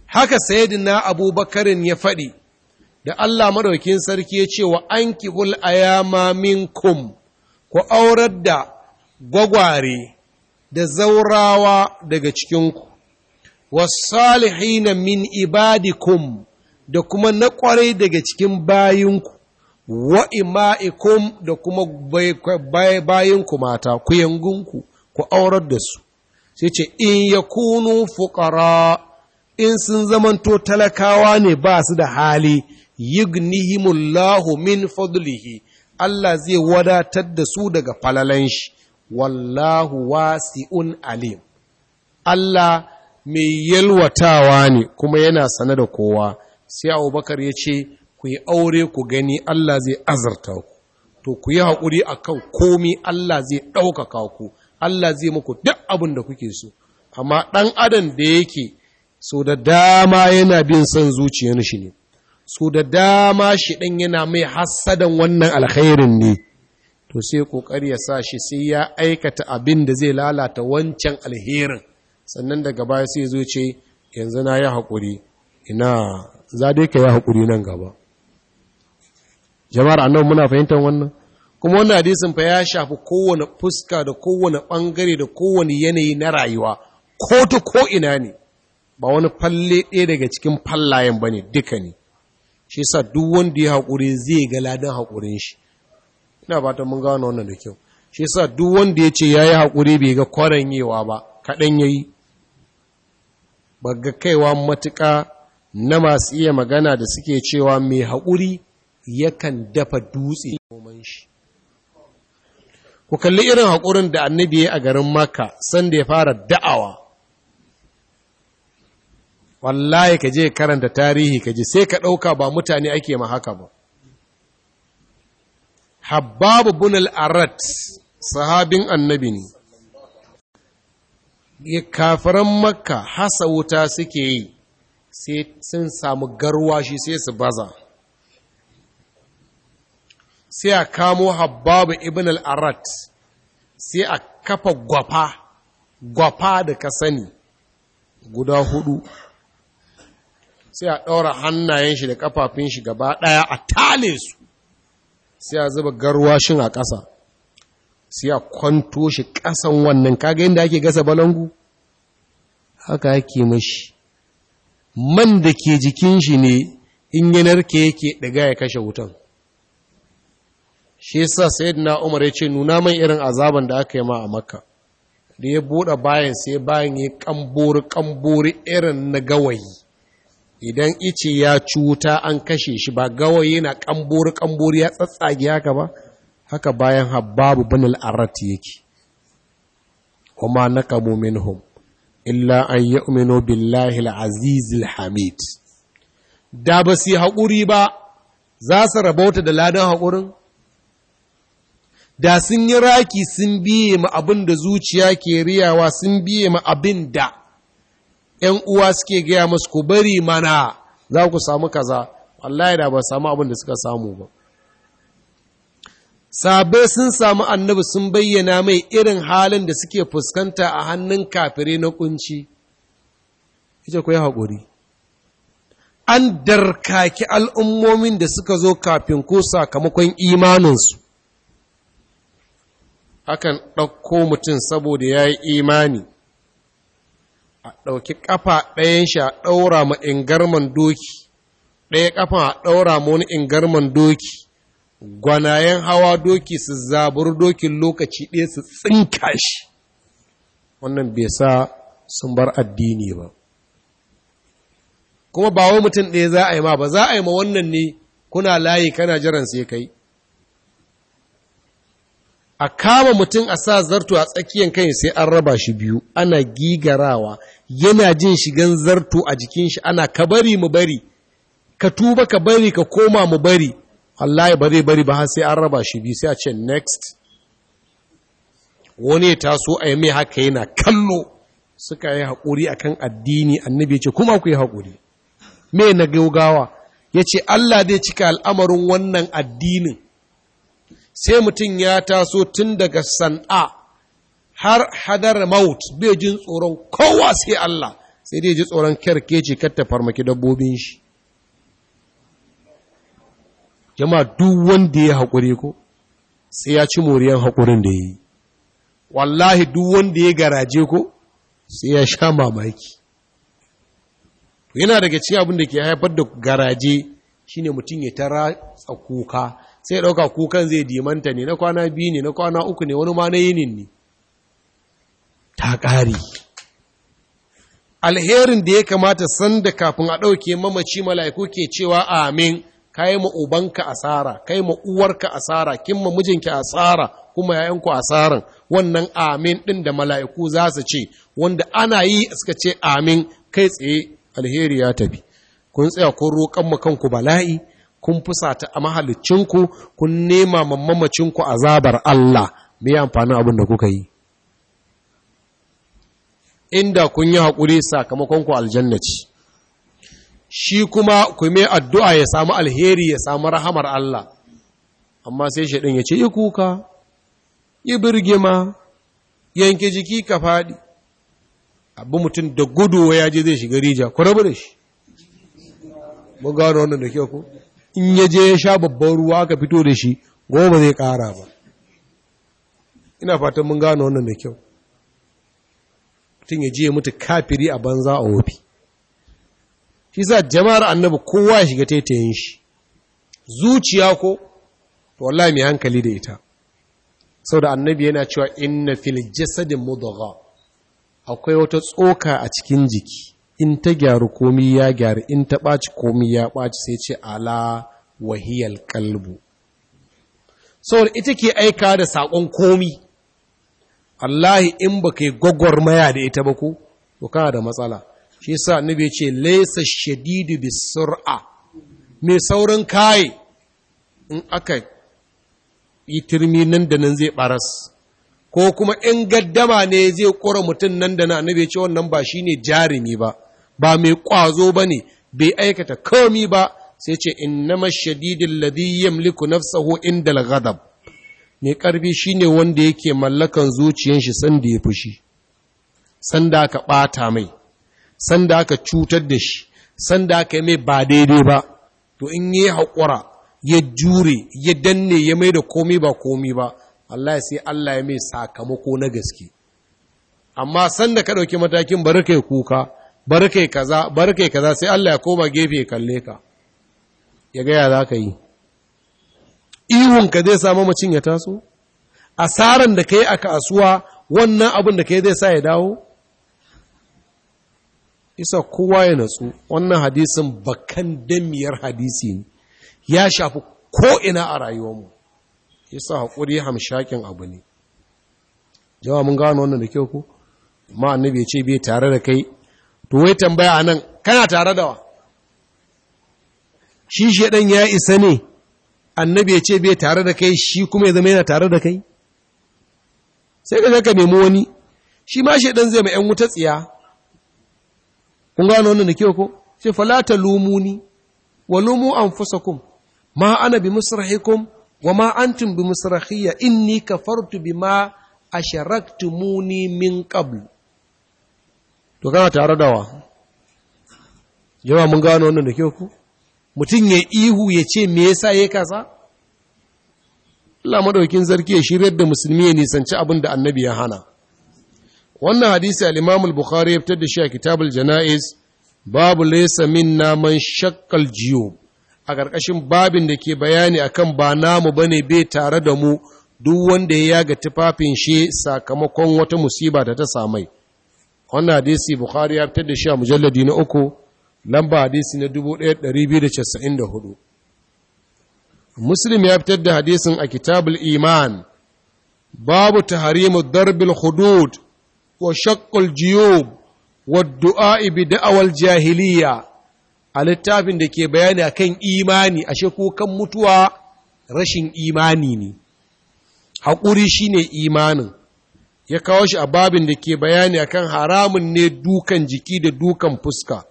haka na abubakarin ya faɗi da Allah maɗaukin sarki ya ce wa an kihul ayama minkum ku aurar da gwagware da zaurawa daga cikinku wasalihina min ibadikum da kuma na ƙwarai daga cikin bayinku wa da kuma bayinku mata ku yangunku ku aurar da su sai ce in ya kunu fuƙara in sun zamanto talakawa ne ba su da hali yignihimullahu min fadlihi Allah zai wadatar da su daga falalan shi wallahu wasi'un alim Allah mai yalwatawa ne kuma yana sane da kowa sai abubakar ya ce ku yi aure ku gani Allah zai azarta ku to ku yi haƙuri a kan komi Allah zai ɗaukaka ku Allah zai muku duk abin da kuke so amma ɗan adam da yake so da dama yana bin son zuciyar shi ne so da dama shi ɗan yana mai hassadan wannan alkhairin ne to sai ƙoƙari ya sa shi sai ya aikata abin da zai lalata wancan alherin sannan daga baya sai zo ce yanzu na yi haƙuri ina za dai ka yi haƙuri nan gaba jama'ar annabi muna fahimtar wannan kuma wannan hadisin fa ya shafi kowane fuska da kowane bangare da kowane yanayi na rayuwa ko ta ko ina ne ba wani falle ɗaya daga cikin fallayen ba ne duka ne shi sa duk wanda ya haƙuri zai ga ladan haƙurin shi ina fatan mun gano wannan da kyau shi sa duk wanda ya ce ya yi haƙuri bai ga kwaranyewa ba kaɗan ya yi Baga kaiwa matuka na masu iya magana da suke cewa mai haƙuri yakan dafa dutse noman shi ku kalli irin haƙurin da annabi ya a garin maka sanda ya fara da'awa wallahi ka je karanta tarihi ka ji sai ka ɗauka ba mutane ake ma haka ba habbabu bin al'arat sahabin annabi ne kafaran makka hasa wuta suke yi sai sun samu garwashi sai su baza sai a kamo habbabu ibn al-arat sai a kafa gwafa gwafa da ka sani guda hudu sai a ɗaura hannayen shi da ƙafafin shi gaba ɗaya a tale su sai a zuba garwashin a ƙasa sai a kwanto shi ƙasan wannan kaga yadda ake gasa balangu haka yake mashi man da ke jikin shi ne in yi narke yake daga ya kashe wutan shi yasa na Umar ya ce nuna man irin azaban da aka yi ma a Makka da ya bude bayan sai bayan ya kambori kambori irin na gawayi idan ice ya cuta an kashe shi ba gawayi na kambori kambori ya tsatsage haka ba haka bayan habbabu bin al'arat yake kuma na kamu minhum illa an yi umino billahi al'azizil hamid da ba su haƙuri ba za su rabauta da ladan haƙurin da sun yi raki sun biye ma abin da zuciya ke riyawa sun biye ma abin da ‘yan uwa suke gaya masu ku bari mana za ku samu kaza, wallahi da ba samu abin da suka samu ba. sabe sun samu annabi sun bayyana mai irin halin da suke fuskanta a hannun kafire na kunci ita ku yi haƙuri an darkaki al'ummomin da suka zo kafin ko sakamakon imaninsu Hakan ɗauko mutum saboda ya yi imani a ɗauki ƙafa ɗayan shi a ɗaura ma ingarman doki ɗaya ƙafa a ɗaura ma ingarman doki gwanayen hawa doki su zabar dokin lokaci ɗaya su tsinka shi wannan bai sa sun bar addini ba kuma ba wai mutum ɗaya za a yi ma ba za a yi ma wannan ne kuna layi kana jiran sai kai a kama mutum a sa zarto a tsakiyar kai sai an raba shi biyu ana gigarawa yana jin shigan zarto a jikin shi ana ka bari mu bari ka tuba ka bari ka koma mu bari Allah ba zai bari ba har sai an raba shi biyu sai a ce next wani ya taso a yi mai haka yana kallo suka yi haƙuri a kan addini annabi ce kuma ku yi haƙuri me na gaugawa ya ce Allah dai cika al'amarin wannan addinin sai mutum ya taso tun daga san'a har hadar maut bai jin tsoron kowa sai Allah sai dai ji tsoron kyarkeci katta farmaki dabbobin shi jama duk wanda ya haƙuri ko sai ya ci moriyan haƙurin da ya yi wallahi duk wanda ya garaje ko sai ya sha mamaki yana daga cikin abin da ke haifar da garaje shine mutum ya tara kuka sai ya ɗauka kukan zai dimanta ne na kwana biyu ne na kwana uku ne wani ma na yinin ne ta ƙari alherin da ya kamata sanda kafin a ɗauke mamaci mala'iku ke cewa amin kai ma ubanka asara kai ma uwarka asara kin ma mijinki asara kuma yayanku asaran wannan amin din da mala'iku za su ce wanda ana yi suka ce amin kai tsaye alheri ya tafi kun tsaya kun roƙan mu kanku bala'i kun fusata a mahalicinku kun nema mamamacinku azabar Allah me amfanin abin da kuka yi inda kun yi hakuri sakamakon ku aljanna ce shi kuma ku mai addu'a ya samu alheri ya samu rahamar Allah amma sai ɗin ya ce yi kuka yi birgima yanke jiki ka faɗi abu mutum da gudu ya je zai shiga rija ku rabu da shi mun gano wannan da kyau ku in ya je ya sha babban ruwa ka fito da shi goma zai ƙara ba ina fatan mun gano wannan da kyau mutum ya je mutu kafiri a banza a wofi shi sa jama'ar annabi kowa ya shiga taitayin shi zuciya ko To wallahi mai hankali da ita sau da annabi yana cewa inna fil jasadin mudagha akwai wata tsoka a cikin jiki in ta gyaru komi ya gyaru in ta ɓaci komi ya ɓaci sai ce ala wahiyal kalbu saboda ita ke aika da saƙon komi Allahi in ba kai gwagwarmaya da ita ba ku, to kana da matsala. shi sa annabi ce laisa shadidu bi sur'a mai saurin kai in aka yi turmi nan da nan zai baras ko kuma in gaddama ne zai kora mutum nan da nan ce wannan ba shi ne jarumi ba ba mai kwazo ne, bai aikata komi ba sai ce in innama shadidin ladhi yamliku nafsahu indal ghadab mai karfi shine wanda yake mallakan zuciyarshi sanda ya fushi sanda ka bata mai sanda aka cutar da shi sanda aka yi mai ba daidai ba to in yi haƙura ya jure ya danne ya mai da komi ba komi ba Allah ya sai Allah ya mai sakamako na gaske amma sanda ka ɗauki matakin bari kai kuka bari kai kaza bari kai kaza sai Allah ya koma gefe ya kalle ka ya gaya za ka yi ihunka zai samu macin ya taso asaran da ka yi a kasuwa wannan abin da ka yi zai sa ya dawo isa kowa ya natsu wannan hadisin bakan damiyar hadisi ne ya shafi ko'ina a rayuwarmu isa haƙuri hamshakin abu ne jawa mun gano wannan da kyau ku ma annabi ya ce bai tare da kai to wai tambaya nan kana tare da wa shi ɗan ya isa ne annabi ya ce bai tare da kai shi kuma ya zama yana tare da kai sai ka ka nemi wani shi ma ɗan zai ma yan wuta tsiya kun gano wannan da kyau ko ce falata lumuni wa lumu anfusakum ma ana bi musrahikum wa ma antum bi musrahiya inni kafartu bima asharaktumuni min qabl to kana tare da wa mun gano wannan da kyau ko mutum ya ihu ya ce me yasa ya kasa Allah madaukin zarki ya shiryar da musulmi ya nisanci abin da annabi ya hana wannan hadisi al-imam al-bukhari ya fitar da shi a kitabul janaiz babu laysa minna man shakkal a ƙarƙashin babin da ke bayani akan ba namu bane bai tare da mu duk wanda ya yaga tufafin shi sakamakon wata musiba da ta samai wannan hadisi bukhari ya fitar da shi a mujalladi na uku lamba hadisi na 1294 muslim ya fitar da hadisin a kitabul iman babu tahrimu darbil hudud wa shakkul jiyub wa du'a'i bi da'awal jahiliya a littafin da ke bayani akan imani ashe kukan mutuwa rashin imani ne haƙuri shine imanin ya kawo shi a babin da ke bayani akan haramun ne dukan jiki da dukan fuska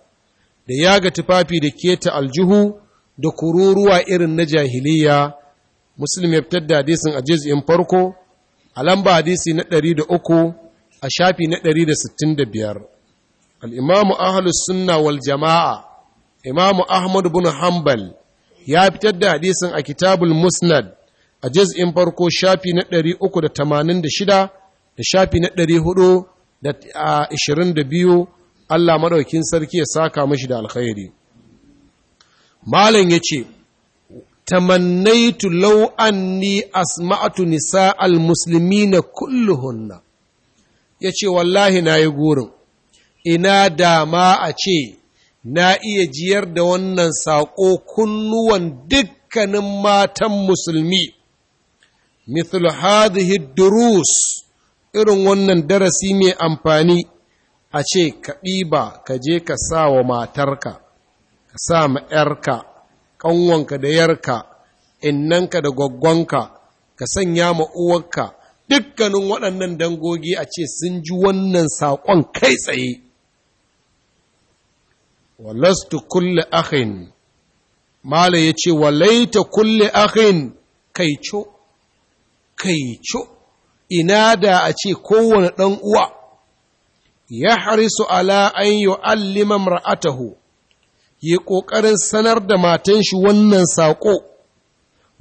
da yaga tufafi da keta aljihu da kururuwa irin na jahiliya muslim ya fitar da hadisin a jiz'in farko a lamba hadisi na ɗari da uku a shafi na 165 al'imamu ahalus sunna wal jama'a imamu ahmad bin hanbal ya fitar da hadisin a kitabul musnad a juz'in farko shafi na 386 da shafi na 422 Allah maɗaukin sarki ya saka mashi da alkhairi malam ya ce tamannaitu ni anni asma'atu nisa al-muslimina musulmi kulluhunna ya ce wallahi na yi gurin ina dama a ce na iya jiyar da wannan saƙo kunnuwan dukkanin matan musulmi mithlu hadhihi durus irin wannan darasi mai amfani a ce ka ɗiba ka je ka sa wa matarka ka sa ma ‘yarka ƙanwanka da ‘yarka innanka da gwaggonka, ka sanya ma uwarka dukkanin waɗannan dangogi a ce sun ji wannan saƙon kai tsaye walastu kulle ahin, Malai ya ce walaita kulle ahin kai co kai co ina da a ce kowane ɗan uwa ya harisu ala an yi allima ra'ataho yi ƙoƙarin sanar da matan shi wannan saƙo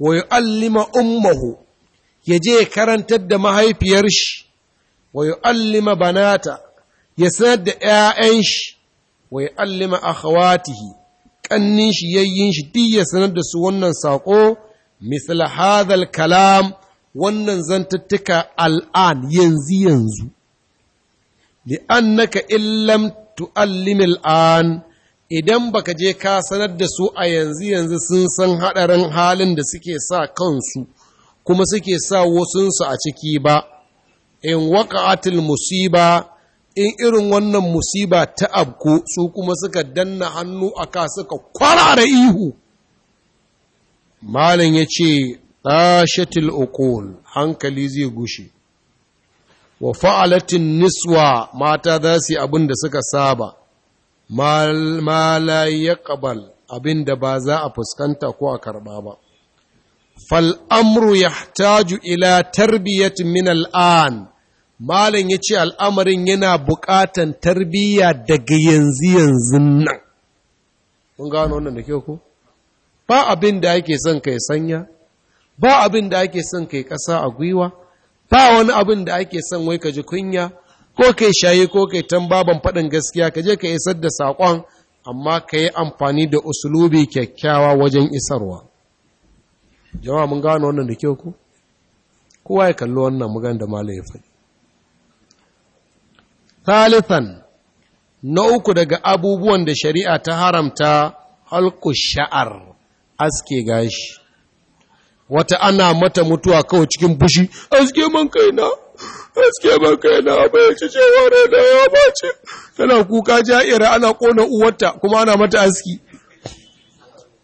wa yi allima ummahu ya je karantar da mahaifiyar shi wa yu'allima banata ya sanar da 'ya'yan shi wa yu'allima akhawatihi kannin shi yayyin shi duk ya sanar da su wannan sako misal hadhal kalam wannan zantattuka al'an yanzu yanzu li'annaka illam tu'allim al'an idan baka je ka sanar da su a yanzu yanzu sun san haɗarin halin da suke sa kansu kuma suke sa wasunsu a ciki ba in waka atil musiba in irin wannan musiba ta abku su kuma suka danna hannu a ka suka kwara da ihu malin ya ce tashatil uqul hankali zai gushe wa fa'alatin niswa mata za su yi abin da suka saba ma ya yaqbal abin da ba za a fuskanta ko a karɓa ba fal'amru ya taju ila tarbiyyat min al'an, Malam ya ce al'amarin yana buƙatan tarbiyya daga yanzu yanzu nan. Kun gano wannan da kyau ku? Ba abin da ake son kai sanya, ba abin da ake son kai ƙasa a gwiwa, ba wani abin da ake son wai ka ji kunya, ko kai shayi, ko kai tambaban faɗin gaskiya ka je ka isar da saƙon, amma ka yi amfani da usulubi kyakkyawa wajen isarwa. jama'a mun gano wannan da kyau ku kowa ya kalli wannan mugan da malam ya faɗi Thalithan na uku daga abubuwan da shari'a ta haramta halku sha'ar aske gashi wata ana mata mutuwa kawai cikin bushi aske man kaina aske man kaina bai ci shawara da ya bace tana kuka ja'ira ana kona uwarta kuma ana mata aski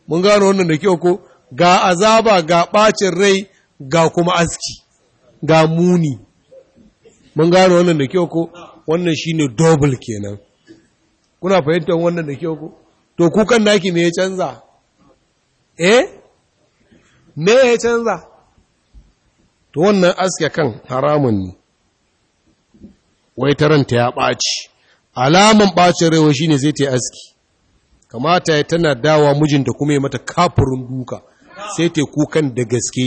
mun gano wannan da kyau ko ga azaba ga ɓacin rai ga kuma aski ga muni mun gano wannan da kyau ko wannan shine double kenan kuna fahimtar wannan da kyau ko to kukan naki me ya canza eh me ya canza to wannan aske kan haramun ne wai taranta ya ɓaci alaman ɓacin shi shine zai ta yi aski kamata ya tana dawa mijinta kuma ya mata kafurin duka sai ta kukan da gaske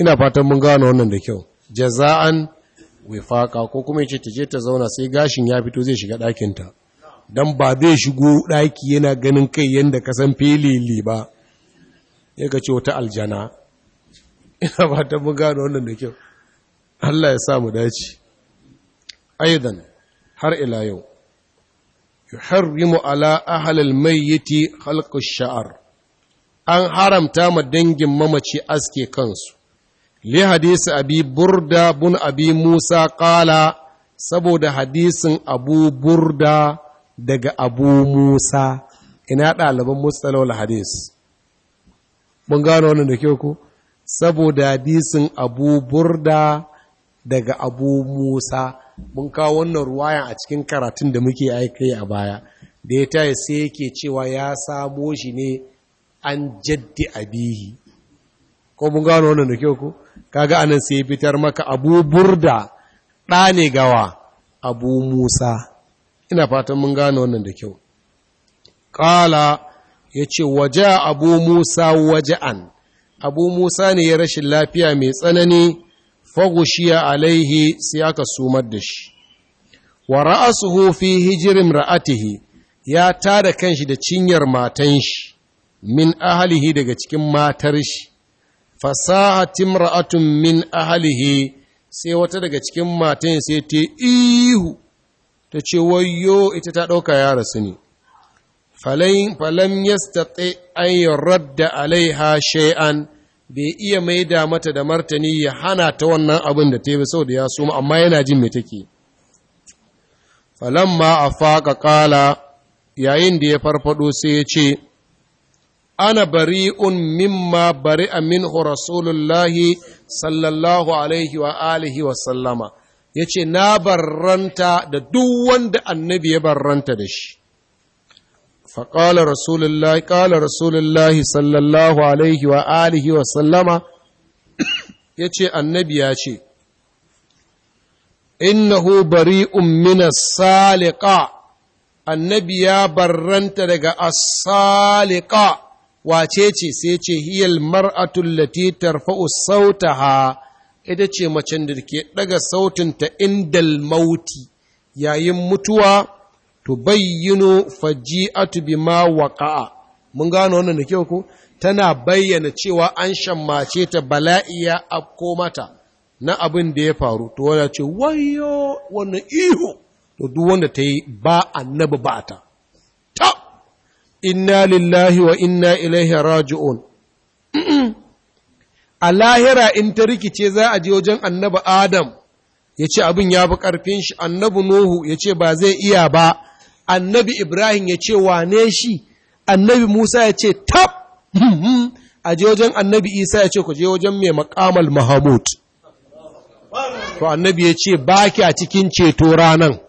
ina fatan mun gano wannan da kyau jaza'an wifaka ko kuma yace ta je ta zauna sai gashin ya fito zai shiga ɗakin ta dan ba zai shigo ɗaki yana ganin kai yadda ka san filili ba ga ce wata aljana ina fatan mun gano wannan da kyau Allah ya sa mu dace aidan har ila yau mu ala mai mayyiti khalqa halkar sha'ar. an haramta ma dangin mamaci aske kansu li hadisi abi burda bun abi musa kala saboda hadisin abu burda daga abu musa ina ɗaliban mustalawar hadis mun gano wannan da kyau ku saboda hadisin abu burda daga abu musa mun kawo wannan ruwayan a cikin karatun da muke aikai a baya da ya tayi sai yake cewa ya samo shi ne an jaddi abihi ko mun gano wannan da kyau ko kaga anan sai fitar maka abu burda ɗa ne gawa abu musa ina fatan mun gano wannan da kyau ƙala yace waja waje abu musa waja'an abu musa ne ya rashin lafiya mai tsanani fagushiya alaihi sai aka sumar da shi wa ra'asuhu fi hijirin ra'atihi ya tada kanshi da cinyar matan shi min ahalihi daga cikin matar shi fasahatin ra'atun min ahalihi sai wata daga cikin matan sai ta ihu ta ce wayo ita ta ɗauka yara su ne falam yastati an radda alaiha shay'an bai iya maida mata da martani ya hana ta wannan abin da ta yi sau da ya suma amma yana jin mai take falamma a faƙaƙala yayin da ya farfado sai ya ce ana bari'un mimma bari'a minhu rasulullahi sallallahu alaihi wa alihi wa sallama yace na barranta da duk wanda annabi ya barranta da shi فقال رسول alaihi wa رسول الله annabi ya ce, وآله وسلم يتي النبي يتي إنه بريء من السالقة النبي يا daga لك السالقة wace ce sai ce hiyal mar'atul lati tarfa'u sautaha ita ce macen da ke daga sautinta indal mauti yayin mutuwa to bayyano faji'atu bima waqa'a mun gano wannan da kyau ko tana bayyana cewa an shammace ta bala'i ya afko na abin da ya faru to wanda ce wayo wannan ihu to duk wanda ta yi ba annabi ba ta ta inna lillahi wa inna ilaihi raji'un a lahira in ta rikice za a je wajen annabi adam ya ce abin ya fi ƙarfin shi annabi nuhu ya ce ba zai iya ba annabi ibrahim ya ce wane shi annabi musa ya ce tab a je wajen annabi isa ya ce ku je wajen mai makamal mahamud to annabi ya ce ba ki a cikin ceto ranan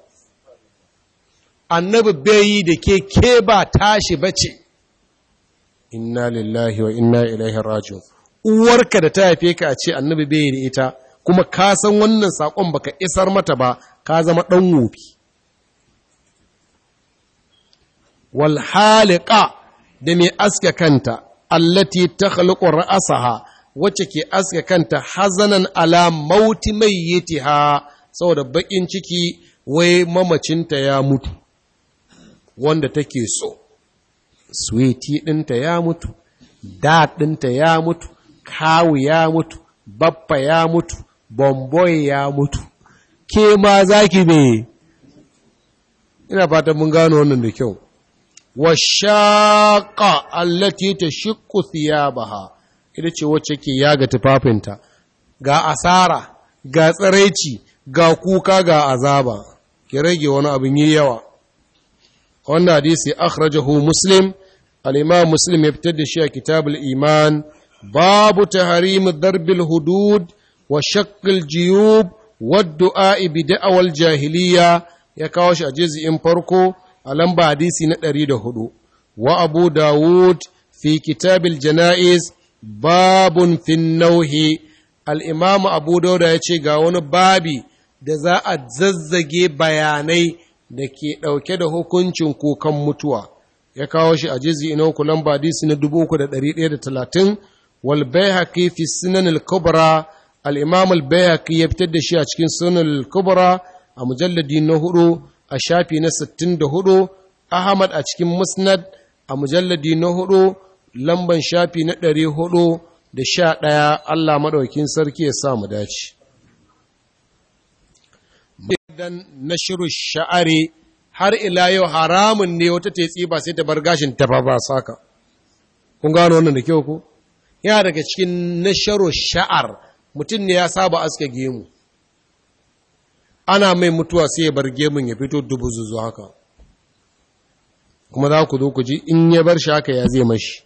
annabi bai da ke ke ba tashi bace inna lillahi wa inna ilaihi raji'un uwarka da ta haife ka a ce annabi bai da ita kuma ka san wannan sakon baka isar mata ba ka zama dan wofi wal haliqa da mai aske kanta allati takhluqu ra'saha wacce ke aske kanta hazanan ala mauti mayyitiha saboda bakin ciki wai mamacinta ya mutu wanda take so sweetie ɗinta ya mutu dad ɗinta ya mutu kawu ya mutu baffa ya mutu bomboy ya mutu ke ma za ki be ina fata mun gano wannan da kyau Wa shaƙa allati tashqu thiyabaha ita ce wacce ke yaga tufafinta ga asara ga tsiraici ga kuka ga azaba ki rage wani abin yi yawa wannan hadisi akhrajahu muslim al-imam muslim ya fitar da shi a kitabul iman babu tahrim darbil hudud wa shaqqil jiyub wa du'a bi da'awal jahiliya ya kawo shi a juz'in farko a lamba hadisi na 104 wa abu dawud fi kitabil janaiz babun fin nauhi al-imam abu dawud ya ce ga wani babi da za a zazzage bayanai da ke ɗauke da hukuncin kukan mutuwa ya kawo shi a jizi ina ku lamba disi na 3,130 wal bayhaqi fi sunan al-kubra al-imam al-bayhaqi ya fitar da shi a cikin sunan al a mujalladi na hudu a shafi na 64 ahmad a cikin musnad a mujalladi na hudu lamban shafi na da sha ɗaya? Allah maɗaukin sarki ya sa mu dace na shiru sha'ari har ila yau haramun ne wata tetsi ba sai ta bar gashin ta ba saka kun gano wannan da kyau ko yana daga cikin nasharu sha'ar mutum ne ya saba aske gemu ana mai mutuwa sai ya bar gemun ya fito dubu zuzu haka kuma za ku zo ku ji in ya bar shi haka ya zai mashi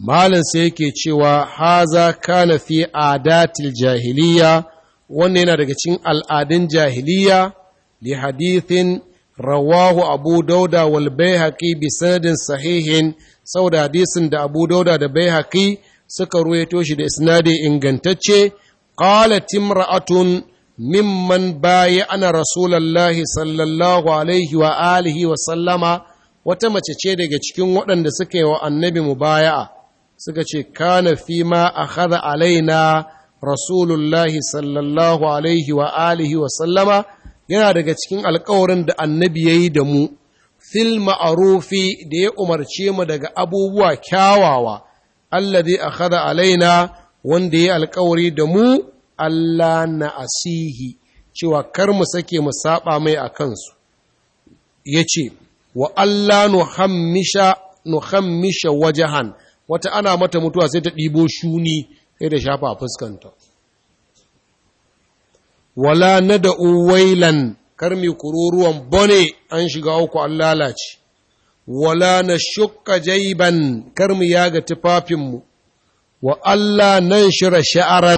malin sai yake cewa haza kana fi adatil jahiliya wannan yana daga cikin al'adun jahiliya li hadithin rawahu abu dauda wal haƙi bi sanadin sahihin saboda hadisin da abu dauda da bai haƙi suka ruwaito shi da isnadi ingantacce ƙala timra'atun mimman baya ana rasulallahi sallallahu alaihi wa alihi wa sallama wata mace ce daga cikin waɗanda suka yi wa annabi mubaya'a suka ce kana fi ma akhadha alaina rasulullahi sallallahu alaihi wa alihi wa sallama yana daga cikin alkawarin da annabi ya yi da mu fil ma'arufi da ya umarce mu daga abubuwa kyawawa Allah allazi akhadha alaina wanda ya alkawari da mu Allah na asihi cewa kar mu sake mu saba mai a kansu yace wa Allah nuhammisha nuhammisha wajahan wata ana mata mutuwa sai ta ɗibo shuni sai da shafa fuskanta wala na da uwailan karmi kururuwan bone an shiga uku an lalace wala na shukka jaiban karmi ya ga tufafinmu wa Allah nan shira sha'ara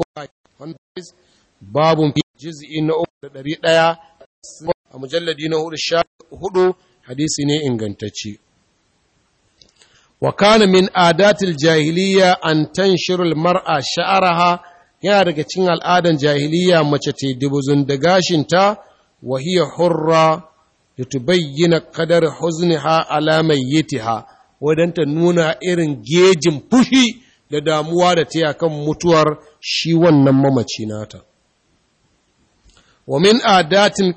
babun fi jiz'i na uku da ɗari ɗaya a mujalladi na hudu hadisi ne ingantacce wa kana min adatil jahiliya an tanshirul mar'a sha'araha yana daga cikin al'adar jahiliya mace ta da gashinta wa hiya hurra da litubayyana qadar huzniha ala mayyitiha wadan ta nuna irin gejin fushi da damuwa da taya kan mutuwar shi wannan mamaci nata wa min adatin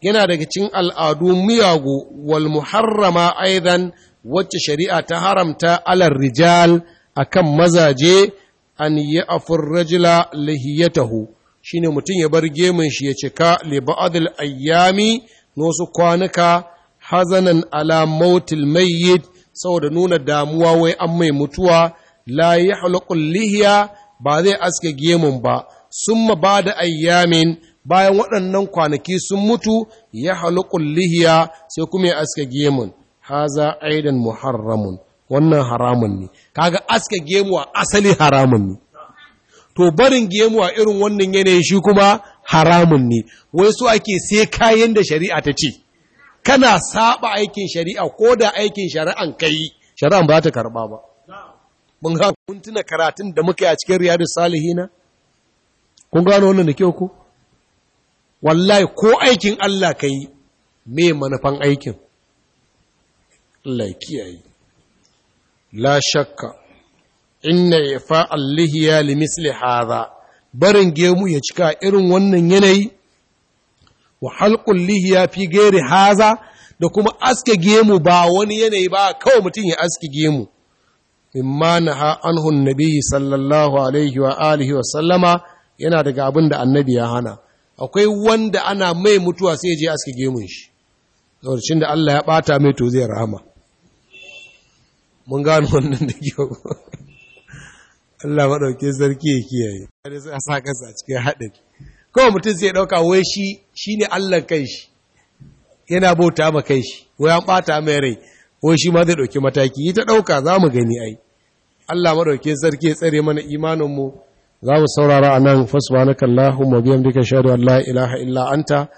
yana daga cikin al'adu miyagu wal muharrama aidan wacce shari'a ta haramta alar rijal akan mazaje an yi afur rajula lahiyatahu shine mutum ya bar gemun shi ya cika li ba'dil ayyami wasu kwanuka hazanan ala mautil mayyit saboda nuna damuwa wai an mai mutuwa la yahlaqul lihiya ba zai aske gemun ba summa bada ayyamin bayan waɗannan kwanaki sun mutu ya halukun lihiya sai kuma ya aske gemun haza aidan muharramun wannan haramun ne kaga aska gemu a asali haramun ne to barin gemu a irin wannan yanayin shi kuma haramun ne wai su ake sai kayan da shari'a ta ce kana saba aikin shari'a ko da aikin shari'an kai shari'an ba ta karba ba mun ga kun tuna karatun da muka yi a cikin riyadus salihina kun gano wannan da kyau ko wallahi ko aikin Allah kai me manufan aikin Allah kiyaye la shakka inna ifa allihiya li misli haza. barin gemu ya cika irin wannan yanayi wa halqul lihiya fi gairi haza, da kuma aske gemu ba wani yanayi ba kawai mutum ya aske gemu mimma naha anhu nabi sallallahu alaihi wa alihi wa sallama yana daga abin da annabi ya hana akwai wanda ana mai mutuwa sai ya je aske gemun shi saboda da Allah ya ɓata mai to zai rahama mun gano wannan da kyau Allah maɗauke sarki ya kiyaye ne sai a a cikin haɗin kawai mutum zai ɗauka wai shi shi ne allan kai shi yana bauta ma kai shi wai an ɓata mai rai wai shi ma zai ɗauki mataki ita ɗauka za mu gani ai Allah maɗauke sarki ya tsare mana imaninmu za mu saurara a nan fasbanakallahumma biyamdika shahadu shaidu Allah, ilaha illa anta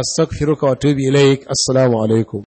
astaghfiruka wa atubu ilaik assalamu alaikum